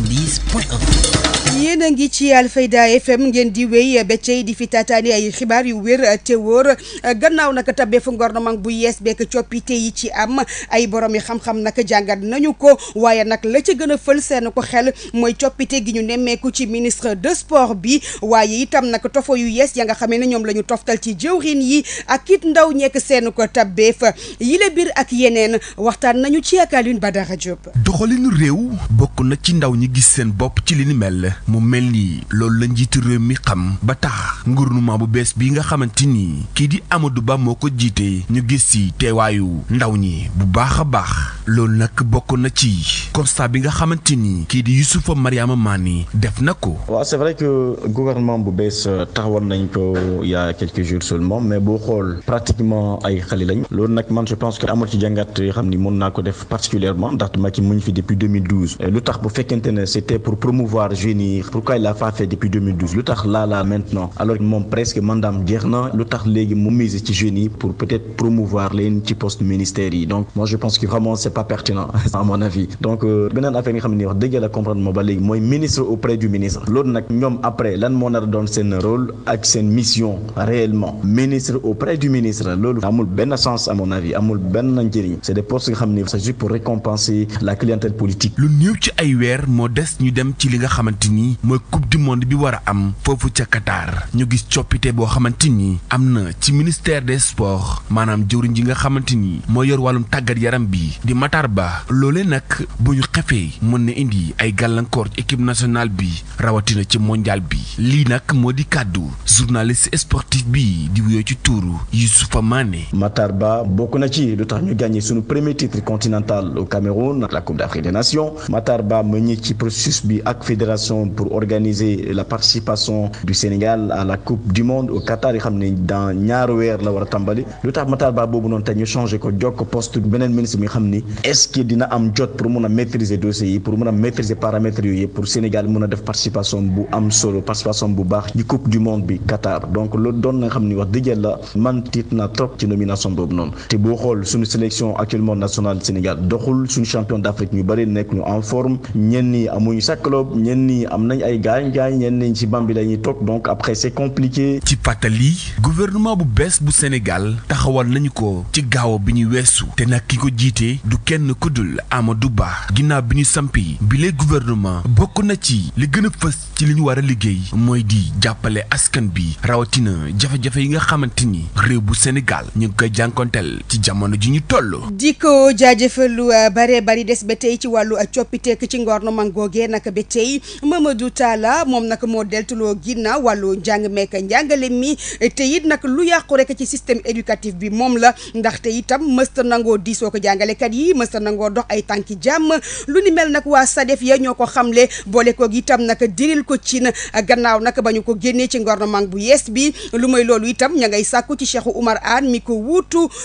a ngi ci Alfayda FM ngeen di wey wéy bëccëg di fi taataani ay xibaar yu wér te wóor gannaaw nag tabeefu gouvernement bu yees bekk coppite yi ci am ay borom yi xam-xam nag jàngat nañu ko waaye nag la ci gën a fël seen ko xel mooy coppite gi ñu nemmeeku ci ministre de sport bi waaye itam nag tofo yu yees ya nga xamee ne ñoom lañu ñu toftal ci jëwrin yi ak it ndaw ñekk seen ko tabeef yile biir ak yeneen waxtaan nañu ci ak Alioune Badara Diop. ci ndaw ñi gis seen bopp ci li ni mel mu mel ni loolu la njiitu réew mi xam ba tax gouvernement bu bees bi nga xamante ni kii di Amadou Ba moo ko jiite ñu gis ci teewaayu ndaw ñi bu baax a baax loolu nag bokk na ci constat bi nga xamante ni kii di Youssoufa Mariama ni def na ko. waaw c'est vrai que gouvernement bu bees euh, taxawal nañ ko il y a quelques mais boo xool pratiquement ay xale lañ loolu nag man je pense que amul ci jàngat yoo xam ni mën naa ko def particulièrement ndaxte Macky mu ngi fi depuis 2012 lu ne c'était pour promouvoir jeunes yi pourquoi il l'a pas fait depuis 2012 lu tax laa laa maintenant alors que moom presque mandaam jeex na lu tax léegi mu pour peut-être promouvoir leen ci poste ministère donc je pense que vraiment c'est pas pertinent à mon avis donc euh, beneen affaire ne wax dëgg la comprendre moo ba ministre auprès du ministre loolu nag ñoom après lan moo mon avis amul c'est des postes nga c'est juste pour récompenser la moo des ñu dem ci li nga xamante ni mooy coupe du monde bi war a am foofu ca Qatar ñu gis coppite boo xamante ni am na ci ministère des sports maanaam jëwriñ ji nga xamante ni moo yor wàllum tàggat yaram bi di Matar Ba loolee nag bu ñu xefee mën na indi ay gàllankoor ci équipe nationale bi rawatina ci mondial bi lii nag moo di kàddu journaliste sportif bi di wuyoo ci tuuru Youssoufa Mané. Matar Ba bokk na ci lu tax ñu gagné sunu premier titre continental au ci processus bi ak fédération pour organiser la participation du Sénégal à la coupe du monde au Qatar yi xam ne dans ñaari weer la war a tàmbali lu tax Matar Ba boobu noonu te ñu changé ko jokk poste beneen ministre bi nga xam ni est-ce que dina am jot pour mun a maîtriser dossier yi pour mun a maîtriser paramètres yooyu yëpp pour Sénégal mun a def participation bu am solo participation bu baax ci coupe du monde bi Qatar donc loolu doon na nga xam ni wax dëgg la man tiit ñenn ñi amuñu sakkaloob ñenn ñi am nañ ay gaañ-gaañ ñenn ñi ci bambi la ñuy toog donc fàttali gouvernement bu bees bu Sénégal taxawal nañu ko ci gaaw bi ñu weesu te nag ki ko jiite du kenn ku dul du baax ginnaaw bi ñu samp sampi bile gouvernement bokk na ci li gën a fës ci li ñu war a liggéey mooy di jàppale askan bi rawatina jafe-jafe yi nga xamante ni réew bu Sénégal ñu ngi koy jànkonteel ci jamono ji ñu toll. di ko jaajëfal lu euh, bare bari des ba tey ci wàllu euh, coppiteek ci ngornement. man googee nag ba tey Mamadou Talla moom nag moo deltuloo ginnaaw wàllu njàng meek njàngale mi te it nag lu yàqu rek ci système éducatif bi moom la ndaxte itam mësta nangoo diisoo ko jàngalekat yi mësta nangoo dox ay tànki jàmm lu ni mel nag waa SADEF ya ñoo ko xamle boole koog itam nag diril ko ci gannaaw nag ba ko génnee ci gouvernement bu yees bi lu may loolu itam ña ngay sàkku ci Cheikh Oumar Anne mi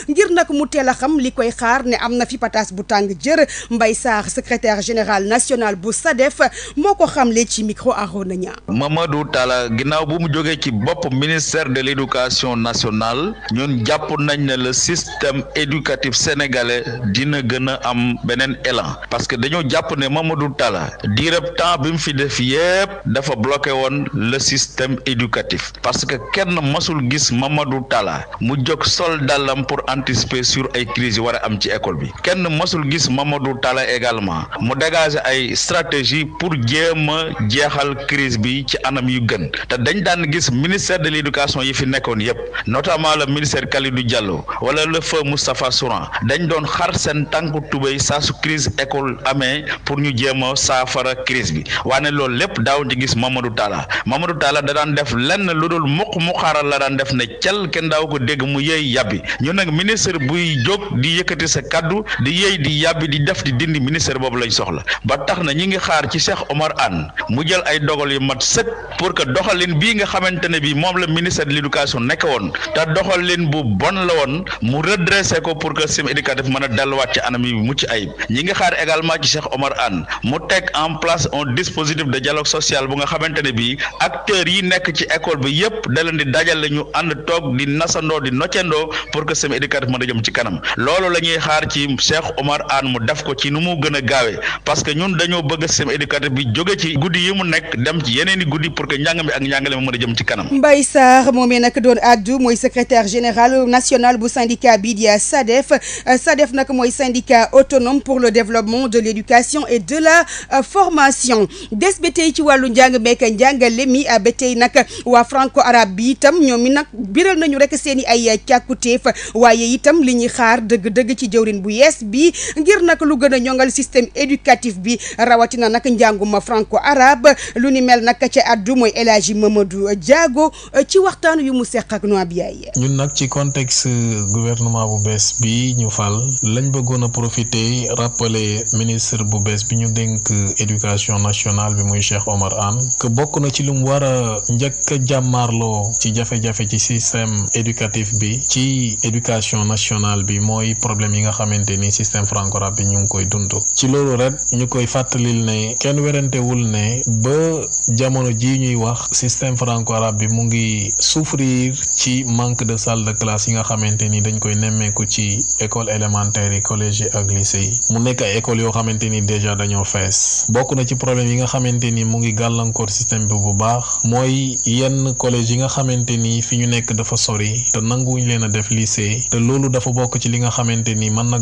ngir nag mu teel a xam li koy xaar ne am na fi pataas bu tàng jër mbay Sarr secrétaire général national bu SADEF moo ko xamle ci micro Arona Niang. Mamadou Talla ginnaaw bu mu jógee ci bopp ministère de l' éducation nationale ñun jàpp nañ ne le système éducatif sénégalais dina gën a am beneen élan parce que dañoo jàpp ne Mamadou Talla diirab temps bi mu fi def yépp dafa bloqué woon le système éducatif parce que kenn masul gis Mamadou Talla mu jóg sol dàllam pour anticiper sur ay crises yu war a am ci école bi kenn masul gis Mamadou Talla également mu dégager stratégie pour jéem a jeexal crise bi ci anam yu gën te dañ daan gis ministère de l' éducation yi fi nekkoon yépp notamment le ministère Kalidou Diallo wala le feu Moustapha Souran dañ doon xar seen tànku tubéy saa su crise école amee pour ñu jéem a saafara crise bi waane loolu lépp daaw di gis Mamadou Talla Mamadou Talla da daan def lenn lu dul muq mu xaaral la daan def ne cal kenn daaw ko dégg mu yëy yàbbi ñu nag ministre buy jóg di yëkkati sa kaddu di yëy di yàbbi di def di dindi ministère boobu lañ soxla ñi ngi xaar ci Cheikh Omar Anne mu jël ay dogal yu mat sëkk pour que doxalin bii nga xamante ne bi moom la ministère de l'éducation nekk woon te doxalin bu bon la woon mu redressé ko pour que système éducatif mën a delluwaat ci anam yi mucc ayib ñi ngi xaar également ci Cheikh Omar Anne mu teg en place un dispositif de dialogue sociale bu nga xamante ne bi acteurs yi nekk ci école bi yépp da leen di dajale ñu ànd toog di nasandoo di noccandoo pour que système éducatif mën a jëm ci kanam loolu la xaar ci Cheikh Omar Anne mu def ko ci nu gën a gaawee bëgg a système éducatif bi jóge ci guddi yi mu nekk dem ci yeneen i guddi pour que njàng mi ak njàngale mi mën a jëm ci kanam Mbaye Sarr moomee nag doon addu mooy secrétaire général national bu syndicat bi di SADEF euh, SADEF nag mooy syndicat autonome pour le développement de l'éducation et de la euh, formation des ba tey ci wàllu njàng meek njàngale mi euh, a tey nag waa franco arabe bi itam ñoom i nag biral nañu rek seen i ay càkkutéef waaye itam li ñuy xaar dëgg-dëgg ci jëwrin bu yees bi ngir nag lu gën a ñongal système éducatif bi rawatina nag njànguma franco arabe lu ni mel nag ca addu mooy El Hadji Mamadou Diago ci waxtaan yu mu seq ak Nouakchott. ñun nag ci contexte gouvernement bu bees bi ñu fal lañ bëggoon a profiter rappeler ministre bu bees bi ñu dénk éducation nationale bi muy Cheikh Omar Anne que bokk na ci lu mu war a njëkk a jàmmaarloo ci jafe-jafe ci système éducatif bi ci éducation nationale bi mooy problème yi nga xamante ni système franco arabe bi ñu ngi koy dund ci loolu rek ñu koy fàttali dalil ne kenn werantewul ne ba jamono ji ñuy wax système franco-arabe bi mu ngi souffrir ci manque de salle de classe yi nga xamante ni dañ koy nemmeeku ci école élémentaire yi collège yi ak lycée yi mu nekk ay écoles yoo xamante ni déjà dañoo fees bokk na ci problème yi nga xamante ni mu ngi gàllankoor système bi bu baax mooy yenn collège yi nga xamante ni fi ñu nekk dafa sori te nanguwuñ leen def lycée te loolu dafa bokk ci li nga xamante ni mën na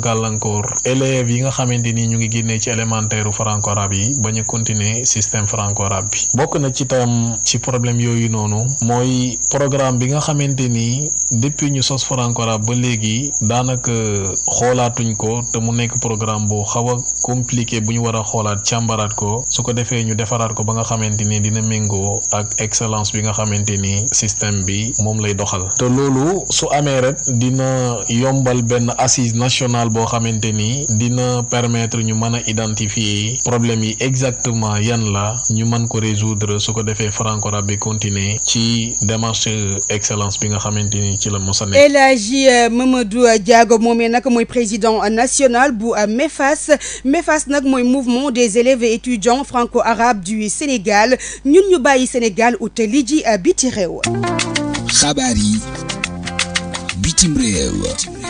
arabe yi bañ a continuer système franco arabe bi bokk na ci tam ci problème yooyu noonu mooy programme bi nga xamante ni depuis ñu sos franco arabe ba léegi daanaka xoolaatuñ ko te mu nekk programme bu xaw a compliqué bu ñu war a xoolaat càmbaraat ko su ko defee ñu defaraat ko ba nga xamante ni dina méngoo ak excellence bi nga xamante ni système bi moom lay doxal te loolu su amee rek dina yombal benn assise nationale boo xamante ni dina permettre ñu problème yi exactement yan la ñu man ko résoudre su ko defee franco-arabe bi continuer ci démarche excellence bi nga xamante ci la mosa nekk. El Hadji euh, Mamadou Diago moomee nag mooy président national bu euh, MEFAS MEFAS nag mooy mouvement des élèves et étudiants franco-arabes du Sénégal ñun ñu bàyyi Sénégal ut li ji euh, biti réew. réew.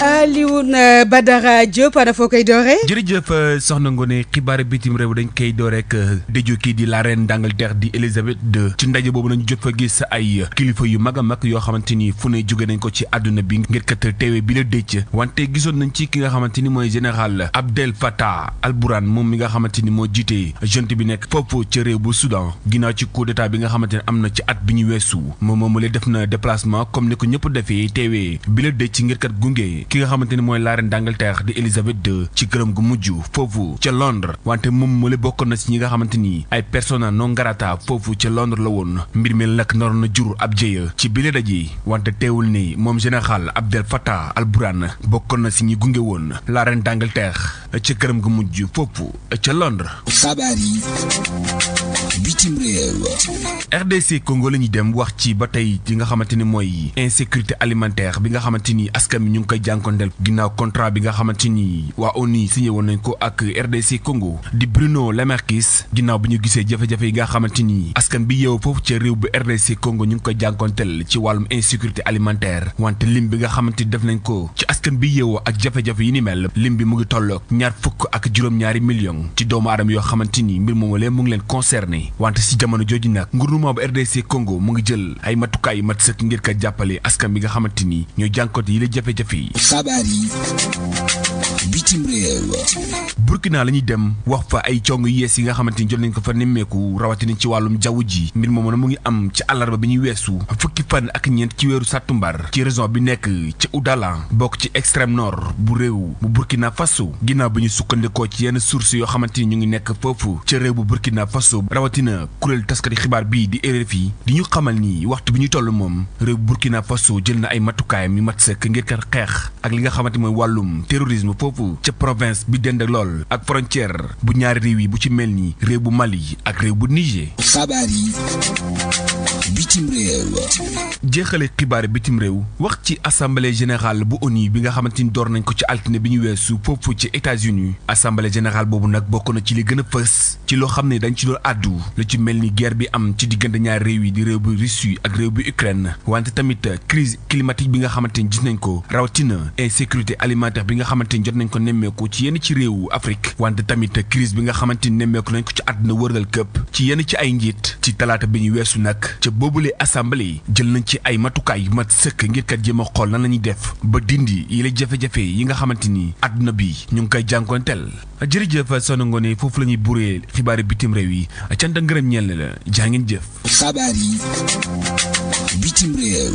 Alioune Badara Diop ana foo koy dooree. jërëjëf euh, soxna Ngone xibaar bitim réew dañ koy dooree ak euh, dëjoo kii di la dangal d'Angleterre di Elizabeth II ci ndaje boobu nañu jot fa gis ay kilifa yu mag a mag yoo xamante ni fu ne jóge nañ ko ci àdduna bi ngir kat teewee bi la dëcc wante gisoon nañu ci ki nga xamante ni mooy général Abdel Fattah al-Burhan moom mi nga xamante ni moo jiite junte bi nekk foofu ca réew bu Soudan ginnaaw ci coup d'état bi nga xamante ne am na ci at bi ñu weesu moom moomu la def na déplacement comme ni ko ñëpp defee teewee bi la dëcc ngir kat gunge ki nga xamante ni mooy la reine d'Angleterre di Elizabeth II ci këram gu mujj foofu ca Londres wante moom mu la bokkoon na si ñi nga xamante ni ay persona non foofu ca Londres la woon mbir mi nag naroon na jur ab jéya ci bile daje wante teewul ni moom général Abdel Fattah al-Burhan bokkoon na si ñi gunge woon la reine d'Angleterre ca këram gu mujj foofu ca Londres. xabaar yi. RDC Congo la ñuy dem wax ci ba tey li nga xamante ni mooy insécurité alimentaire bi nga xamante ni askan bi ñu ngi koy jànkonteel ginnaaw contrat bi nga xamante ni waa ONU signé woon nañ ko ak RDC Congo di Bruno Lemarquis ginnaaw bi ñu gisee jafe-jafe yi nga xamante ni askan bi yeewu foofu ca réew bu RDC Congo ñu ngi koy jànkonteel ci wàllum insécurité alimentaire wante lim bi nga xamante ni def nañ ko ci askan bi yeewoo ak jafe-jafe yi ni mel lim bi mu ngi tolloog ñaar fukk ak juróom-ñaari million ci doomu aadama yoo xamante ni mbir moomu leen mu ngi leen concerné na jooju nag gouvernement bu RDC Congo mu ngi jël ay matukaay yu mat sëkk ngir ka jàppale askan bi nga xamante nii ñooy jànkoonte yi la jafe-jafe yi. bitim réew Burkina la ñuy dem wax fa ay cong yees yi nga xamante ni jot nañ ko fa nemmeeku rawatina ci wàllum jaww ji mbir moom na mu ngi am ci àllarba bi ñuy weesu fukki fan ak ñeent ci weeru sàttumbar ci région bi nekk ci Oudala bokk ci extrême nord bu réew bu Burkina Faso ginnaaw bi ñu sukkandikoo ci yenn source yoo xamante ni ñu ngi nekk foofu ca réew bu Burkina Faso rawatina kuréel taskati xibaar bii di RFI di ñu xamal ni waxtu bi ñu toll moom réew bu Burkina jël na ay matukaayam yu mat sëkk ngir kat xeex ak foofu ca province bi dend lool ak frontière bu ñaari réew yi bu ci mel ni réew bu Mali ak réew bu Niger. xabaar yi bitim réew. jeexale xibaar bitim réew wax ci assemblée générale bu ONU bi nga xamante ni door nañ ko ci altine bi ñu weesu foofu ci États-Unis assemblée générale boobu nag bokk na ci li gën a fës ci loo xam ne dañ ci doon àddu lu ci mel ni guerre bi am ci diggante ñaari réew yi di réew bu Russie ak réew bu Ukraine wante tamit crise climatique bi nga xamante ni nañ ko rawatina insécurité alimentaire bi nga xamante ni jot nañ ko nemmeeku ci yenn ci réewu Afrique wante tamit crise bi nga xamante ni nemmeeku nañ ko ci àdduna wërgal këpp ci yenn ci ay njiit ci talaata bi ñu weesu nag ca boobule assemblée jël nañ ci ay matukaay mat sëkk ngir kat jéem xool nan la ñuy def ba dindi yi la jafe-jafe yi nga xamante ni àdduna bi ñu ngi koy jànkonteel jërëjëf ngoon yi foofu la ñuy buree xibaari bitim réew yi cant ak ngërëm ñeel la jaa ngeen jëf. xabaar yi bitim réew.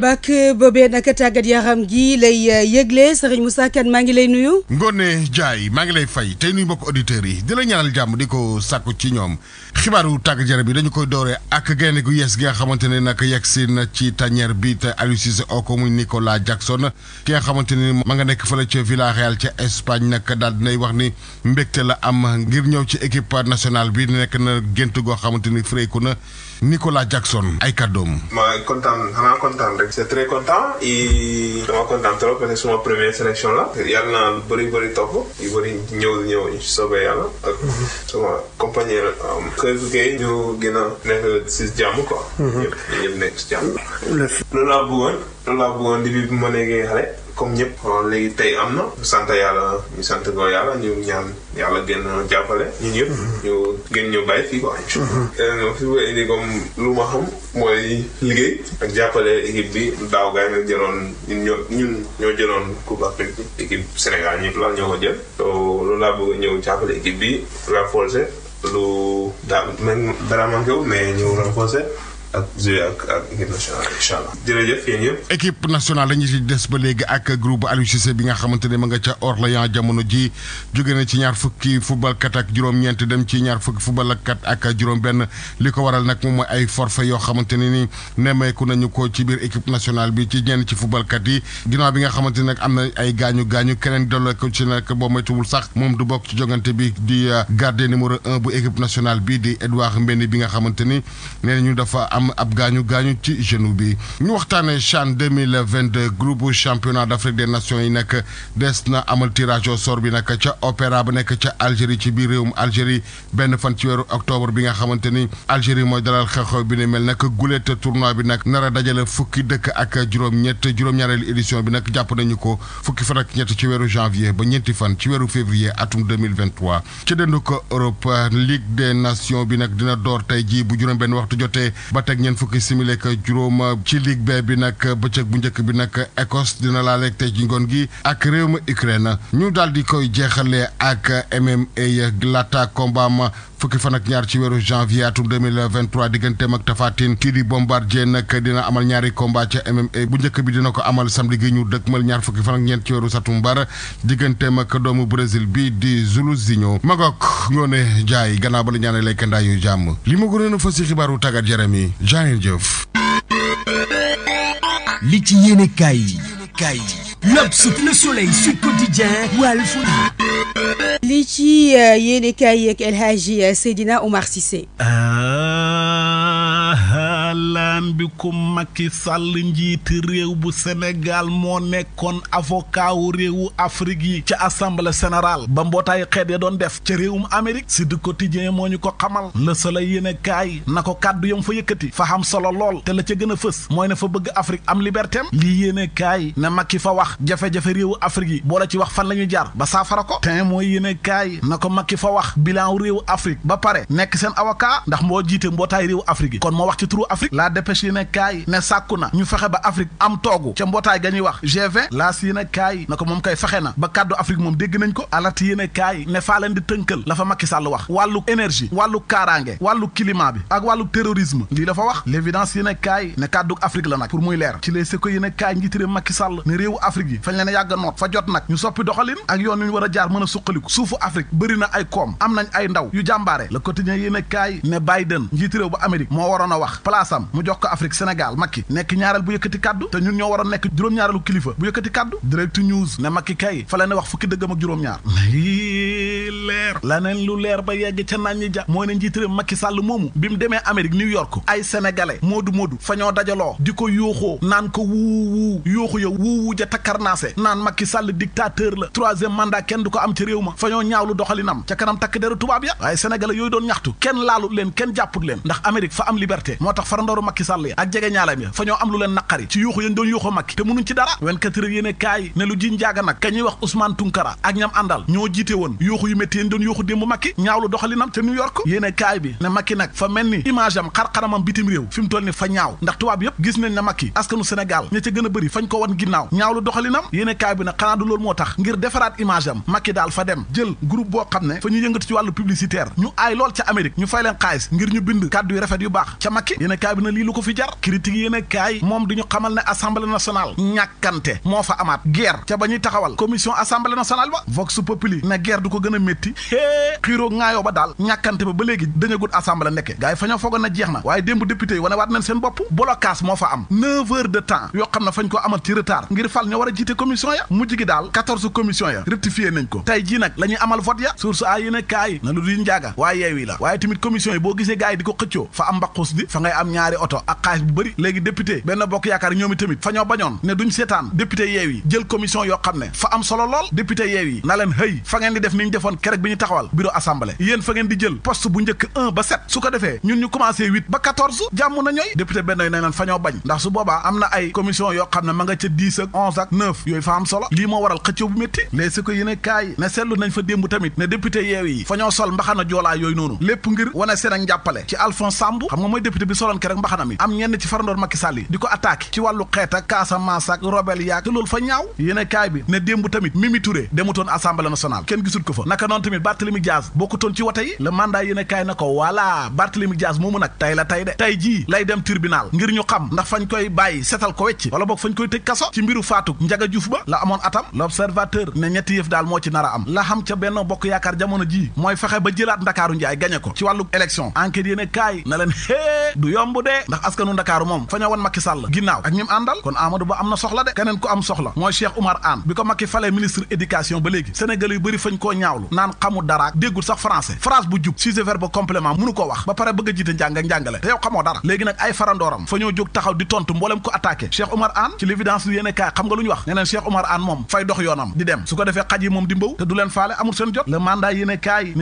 bak boobee nag tàggat yaram gi lay eh, yëgle Serigne Moussa Kane maa ngi lay nuyu. Ngone Ndiaye maa ngi lay fay tey nuyu bokk auditeurs yi di la jàmm di ko sàkku ci ñoom xibaaru tàggat yaram bi dañu koy dooree ak gaynde gu yees gi nga xamante ne nag yegg si na ci tanière bi te Aliou Cissé oo ko muy Nicolas Jackson ki nga xamante ni ma nga nekk fële ca Villarreal ca Espagne nag daal dinay wax ni mbégte la am ngir ñëw ci équipe nationale bi nekk na gént goo xamante ni fréeku na. Nicolas Jackson ay kàddoom. ma kontaan xanaa kontaan rek. c'est très content et dama kontaan trop suma première sélection la. yàlla naa lu bëri topp. yu bëri ñëw ñëw soobee yàlla. ak sama compagnie la. Um, ñu gën a nekk si jàmm quoi. Mm-hmm. ñëpp nekk si jàmm. loolu laa bëggoon. loolu laa bëggoon di bi bu ma nekkee xale comme ñëpp. waaw léegi tey am na. sant yàlla ñu sant ko yàlla ñu ñaan yàlla gën jàppale. ñun ñëpp mhm. ñu gën ñu bàyyi fii quoi. Mhm. Euh, incha ma indi comme lu ma xam mooy liggéey. ak jàppale équipe bi daaw gars yi nag jëloon ñun ñoo ñun ñoo jëloon coupe Afrique bi. équipe Sénégal ñëpp la ñoo jël. loolu laa bëgg ñëw jàppale équipe bi renforcer lu daa dara manqué wu mais ñëw renforcer. ak jouer ak ak équipe nationale incha allah. ci des ba léegi ak groupe Aliou bi nga xamante ne ma nga ca Orléans jamono ji jóge na ci ñaar fukki footballkat ak juróom ñeenti dem ci ñaar fukki footballkat ak juróom-benn li ko waral nag moom ay forfait yoo xamante ne ni nemmeeku nañu ko ci biir équipe nationale bi ci ñenn ci footballkat yi ginnaaw bi nga xamante ne am na ay gaañu gaañu keneen delloo ko ci nag boo moytuwul sax moom du bokk ci jogante bi di euh, gardien numéro un bu équipe nationale bi di Edouard bi nga xamante ni am ab gaañu gaañu ci genou bi ñu waxtaanee CHAN 2022 groupe championnat d'Afrique de nations yi nag des na amal tirage au bi nag ca Opéra ba nekk ca Algérie ci biir réewum Algérie benn fan ci weeru octobre bi nga xamante ni Algérie mooy dalal xew-xew bi ni mel nag gulet tournoi bi nag nar dajale fukki dëkk ak juróom-ñett juróom-ñaareelu édition bi nag jàpp nañu ko fukki fan nekk ñett ci weeru janvier ba ñeenti fan ci weeru février atum 2023 ci dendu ko Europe Ligue des bi nag dina door tey jii bu juróom-benn waxtu jotee teg ñeent fukki simili ak juróom ci ligbee bi nag bëccëg bu njëkk bi nag Écosse dina laaleeg tey ci ngoon gi ak réew ma Ukraine ñu daal di koy jeexalee ak MMA Glata combat fukki fan ak ñaar ci weeru janvier atum 2023 digganteem ak Tafatine kii di Bombardier nag dina amal ñaari combat ca MMA bu njëkk bi dina ko amal sam gi ñu dëkkmal ñaar fukki fan ak ñeent ci weeru satumbar digganteem ak doomu Brésil bi di Jairzinho Magog Ngoné Ndiaye gannaaw ba la ñaanee lekk ndaa yu jàmm li ma gënoon a fas ci xibaaru tàggat yaram yi jëf. li ci yéene kaay yi kaay yi. L'Obs, Le Soleil, Sud Quotidien, Walf. li ci euh, yéene kaay yeeg El euh, ahlan bikum Macky Sall njiiti réew bu Sénégal moo nekkoon avocat wu réewu Afrique yi ca assemblée générale ba mbootaayu xeet ya doon def ca réewum Amérique si du quotidien moo ñu ko xamal la solo yéen kaay na ko kàddu yam fa yëkkati fa xam solo lool te la ca gën a fës mooy ne fa bëgg Afrique am liberté lii yéen a kaay na Macky fa wax jafe-jafe réewu Afrique yi boole ci wax fan la ñu jaar ba saafara ko te mooy yéen a kaay na ko Macky fa wax bilan réewu Afrique ba pare nekk seen avocat ndax moo jiite mbootaayu réewu Afrique yi Afrique la dépêche yéen a kaay ne sàkku na ñu fexe ba Afrique am toogu ca mbootaay ga ñuy wax G20 si yéen a kaay na ko moom kay fexe na ba kàddu Afrique moom dégg nañ ko alerte yéen a kaay ne faa leen di tënkal la fa Macky Sall wax wàllu énergie wàllu kaaraange wàllu climat bi ak wàllu terrorisme lii la fa wax l'évidence yéen a kaay ne kàddu Afrique la nag pour muy leer ci les se ko a kaay njiitire Macky Sall ne réewu Afrique yi fañ leen a yàgg a noot fa jot nag ñu soppi doxalin ak yoon ñu war a jaar mën a suqaliku suufu Afrique bëri na ay koom am nañ ay ndaw yu jàmbaare le quotidien yéen a kaay ne Biden njiiti réew bu Amérique moo waroon a wax place palaasam mu jox ko Afrique Sénégal Macky nekk ñaareel bu yëkkati kaddu te ñun ñoo war a nekk juróom-ñaareelu kilifa bu yëkkati kaddu direct news ne Macky kay fa la wax fukki dëggam ak juróom-ñaar leer laneen lu leer ba yegg ca naan ñi ja mooy ne njiit réew Macky moomu bi mu demee Amérique New York ay sénégalais moodu moodu fa ñoo dajaloo di ko yooxoo naan ko wuuwuu yooxu ya wuuwu ja takkarnaase naan Macky Sall dictateur la troisième mandat kenn du ko am ci réew ma fa ñoo ñaawlu doxalinam ca kanam takk deru tubaab ya waaye sénégalais yooyu doon ñaxtu kenn laalut leen kenn jàpput leen ndax Amérique fa am liberté moo tax farandooru Macky Sall ya ak jege ñaalam ya fa ñoo am lu leen naqari ci yooxu yañ ak ñam àndal ñoo jiite woon yooxu yëkkati yéen doon yooxu démb Macky ñaawlu doxalinam ca New York yéene kaay bi ne Macky nag fa mel ni image am bitim réew fi mu toll ni fa ñaaw ndax tubaab yëpp gis nañ ne Macky askanu Sénégal ña ca gën a bëri fañ ko wan ginnaaw ñaawlu doxalinam yéene kaay bi nag xanaa du loolu moo tax ngir defaraat image am daal fa dem jël groupe boo xam ne fa ñu yëngatu ci wàllu publicitaire ñu aay lool ca Amérique ñu fay leen xaalis ngir ñu bind kàddu yu rafet yu baax ca Macky yéene kaay métti xée xiiroo ŋaayoo ba daal ñàkkante ba ba léegi dañu gut nekke gars yi fa jeex na waaye démb député yi wane waat nañ seen bopp blocage moo fa am neuf heures temps yoo xam fañ ko amal ci retard ngir fal ñoo war a jiite commission ya mujj gi daal quatorze commission ya rectifié nañ ko tey jii nag la amal vote ya source a yéen a kaay na lu duy njaaga waaye yeewi la waaye tamit commission yi boo gisee gars yi di ko xëccoo fa am mbaqus di fa keroog bi ñu taxawal bureau assemblée yéen fa ngeen di jël poste bu njëkk un ba sept su ko ñun ñu commencé huit ba jàmm na ñooy député benn yi nañ leen fa ñoo bañ ndax su am na ay commission yoo xam ne ma ca dix ak onze ak fa am solo lii moo waral xëccoo bu métti léeg si ko yéen kaay ne seetlu nañ fa démb tamit ne député yeew yi fa ñoo sol mbaxana joolaa yooyu noonu lépp ngir wane seen ak ci Alphonse Sambou xam nga mooy député bi soloon keroog moom tamit Barthélemy Diaz bokkutoon ci wote yi le mandat yéen a kaay na ko voilà Barthélemy Diaz moomu nag tey la tey de tey jii lay dem tribunal ngir ñu xam ndax fañ koy bàyyi setal ko wecc wala boog fañ koy tëj kaso ci mbiru faatu njaga juuf ba la amoon atam l'observateur ne ñetti yëf daal moo ci nar a am la xam ca benn bokk yaakaar jamono ji mooy fexe ba jëlaat ndakaaru njaay gañe ko ci wàllu élection enquête yéen a kaay na leen hée du yomb de ndax askanu moom fa ñoo woon Macky Sall ginnaaw ak ñim àndal kon na soxla de keneen ko am soxla mooy Cheikh Oumar Anne bi ko Macky falee ministre éducation ba léegi sénégalais yu bëri fañ naan su ko defee xaj moom di mbaw te du leen faale amul jot le mandat yéen a kaay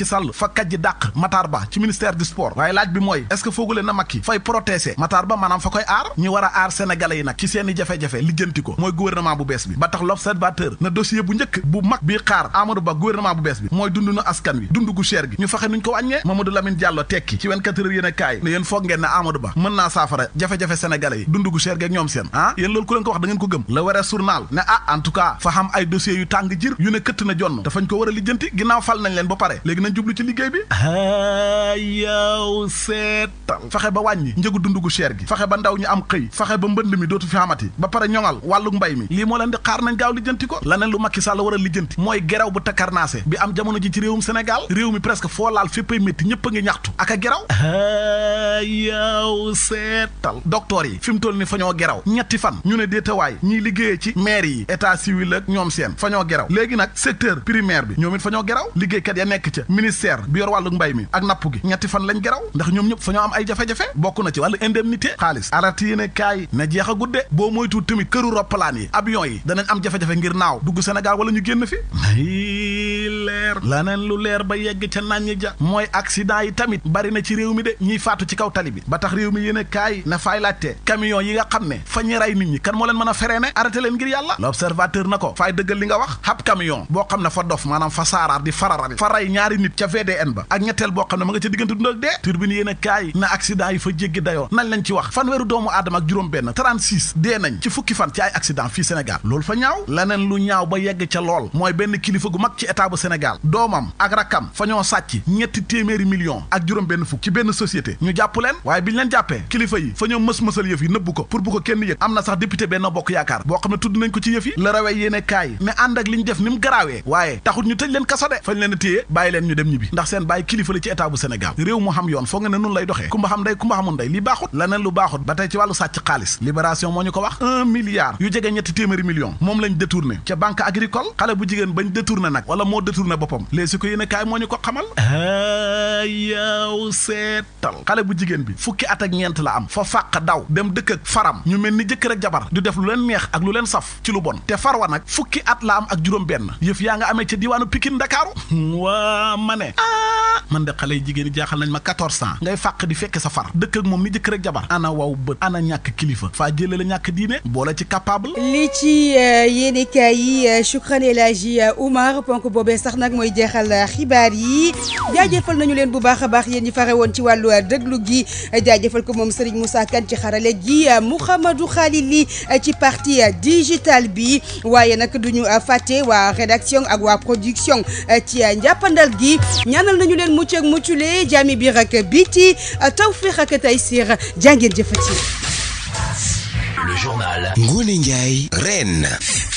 Sall fa kaj ji dàq Ba ci ministère du sport waaye laaj bi mooy est-ce na Macky fay protéger Matar Ba maanaam fa koy aar ñu war aar sénégalais yi nag ci seen jafe-jafe lijjanti ko mooy gouvernement bu bees bi ba tax l'observateur na dossier bu njëkk bu mag bii xaar Amadou Ba gouvernement bees bi mooy dund na askan wi dund gu cher gi ñu fexe nuñ ko wàññee Mamadou Lamine Diallo tekki ci 24 heures yéen a kaay ne yéen foog ngeen ne Amadou Ba mën naa saafara jafe-jafe sénégalais yi dund gu cher gi ñoom seen ah yéen loolu ku leen ko wax da ko gëm la waree journal ne ah en fa xam ay dossiers tàng jir yu ne këtt na jonn dafañ ko war a lijjanti ginnaaw fal nañ leen ba pare léegi nañ jublu ci liggéey bi yow seetal fexe ba dund gu cher gi fexe ba ndaw ñu am xëy fexe ba mbënd mi dootu fi amati ba pare ñoŋal wàllu mbay mi lii moo leen xaar nañ gaaw ko laneen lu Macky Sall war a lijjanti mooy geraw bu takkarnaase bi am jamono ji ci réewum Sénégal réew mi presque foo laal féppay métti ñëpp a ngi ñaxtu ak a geraw yow seetal docteur yi fi mu toll ni fa ñoo geraw ñetti fan ñu ne déetawaay ñiy liggéeye ci maire yi état civil ak ñoom seen fa ñoo geraw léegi nag secteur primaire bi ñoom it fa ñoo geraw liggéeykat ya nekk ca ministère bi yor wàllu mbay mi ak napp gi ñetti fan lañ geraw ndax ñoom ñëpp fa ñoo am ay jafe-jafe bokk na ci wàllu indemnité xaalis alati yéene kaay na jeex a boo moytu tamit këru roppalaan yi avion yi danañ am jafe ngir naaw dugg Sénégal wala ñu génn fi leer laneen lu leer ba yegg ca naññ ja mooy accident yi tamit bari na ci réew mi de ñiy faatu ci kaw tali bi ba tax réew mi yéen a kaay na faay laajte camion yi nga xam ne fa ñu rey nit ñi kan moo leen mën a feree ne arrêté leen ngir yàlla l'observateur na ko faay dëggal li nga wax ab camion boo xam ne fa dof maanaam fa saaraar di fararari fa rey ñaari nit ca VDN ba ak ñetteel boo xam ne ma nga ca diggante dund ak dee turbine yéen a kaay na ak benn 36 dee nañ ci fukki fan ci ay accident fii Sénégal fa ñaaw laneen lu ñaaw ba yegg ca lool mooy benn kilifa gu mag ci état Sénégal doomam ak rakam fa ñoo sàcc ñetti téeméeri millions ak juróom benn fukk ci benn société ñu jàpp leen waaye biñ leen jàppee kilifa yi fa ñoo mës-mësal yëf nëbbu ko pour bu ko kenn yëg am na sax député benn bokk yaakaar boo xam ne tudd nañ ko ci yëf la rawee yéene kaay ne ànd ak li ñu def ni garaawee waaye taxut ñu tëj leen kaso de fañ leen a téye bàyyi leen ñu dem ñibbi ndax seen bàyyi kilifa la ci état bu réew mu xam yoon foo ne nun lay doxee kumba xam day kumba xamul day li baaxut laneen lu baaxut ba tey ci wàllu sàcc xaalis libération moo ñu ko wax un milliard yu jege ñetti téeméeri millions détourné boppam les ko yéen moo ñu ko xamal yaw seetal xale bu jigéen bi fukki at ak ñeent la am fa fàq daw dem dëkk ak faram ñu mel ni jëkkër ak jabar du def lu leen neex ak lu leen saf ci lu bon te far wa nag fukki at la am ak juróom benn yëf yaa nga amee ca diwaanu Pikine Ndakaaru waa ma ne ah man de xale yi jigéen jaaxal nañ ma quatorze ans ngay faq di fekk sa far dëkk ak moom ni jëkkër ak jabar ana waw bët ana ñàkk kilifa faa jëlee la ñàkk diine boole ci capable li ci euh, yéenekaay yi Choukran euh, El Hadji euh, Oumar ponk sax nag mooy jeexal xibaar yi jaajëfal nañu leen bu baax a baax yéen ñi fare woon ci wàllu déglu gi jaajëfal ko moom Serigne Moussa Kane ci xarale gi Mouhamadou Khalili ci partie digitale bi waaye nag duñu fàtte waa rédaction ak waa production ci njàppandal gi ñanal nañu leen mucc ak muccule jaami biir ak biti tawfiq ak taysir jàngeen jëfati. Le journal Ngoné Ndiaye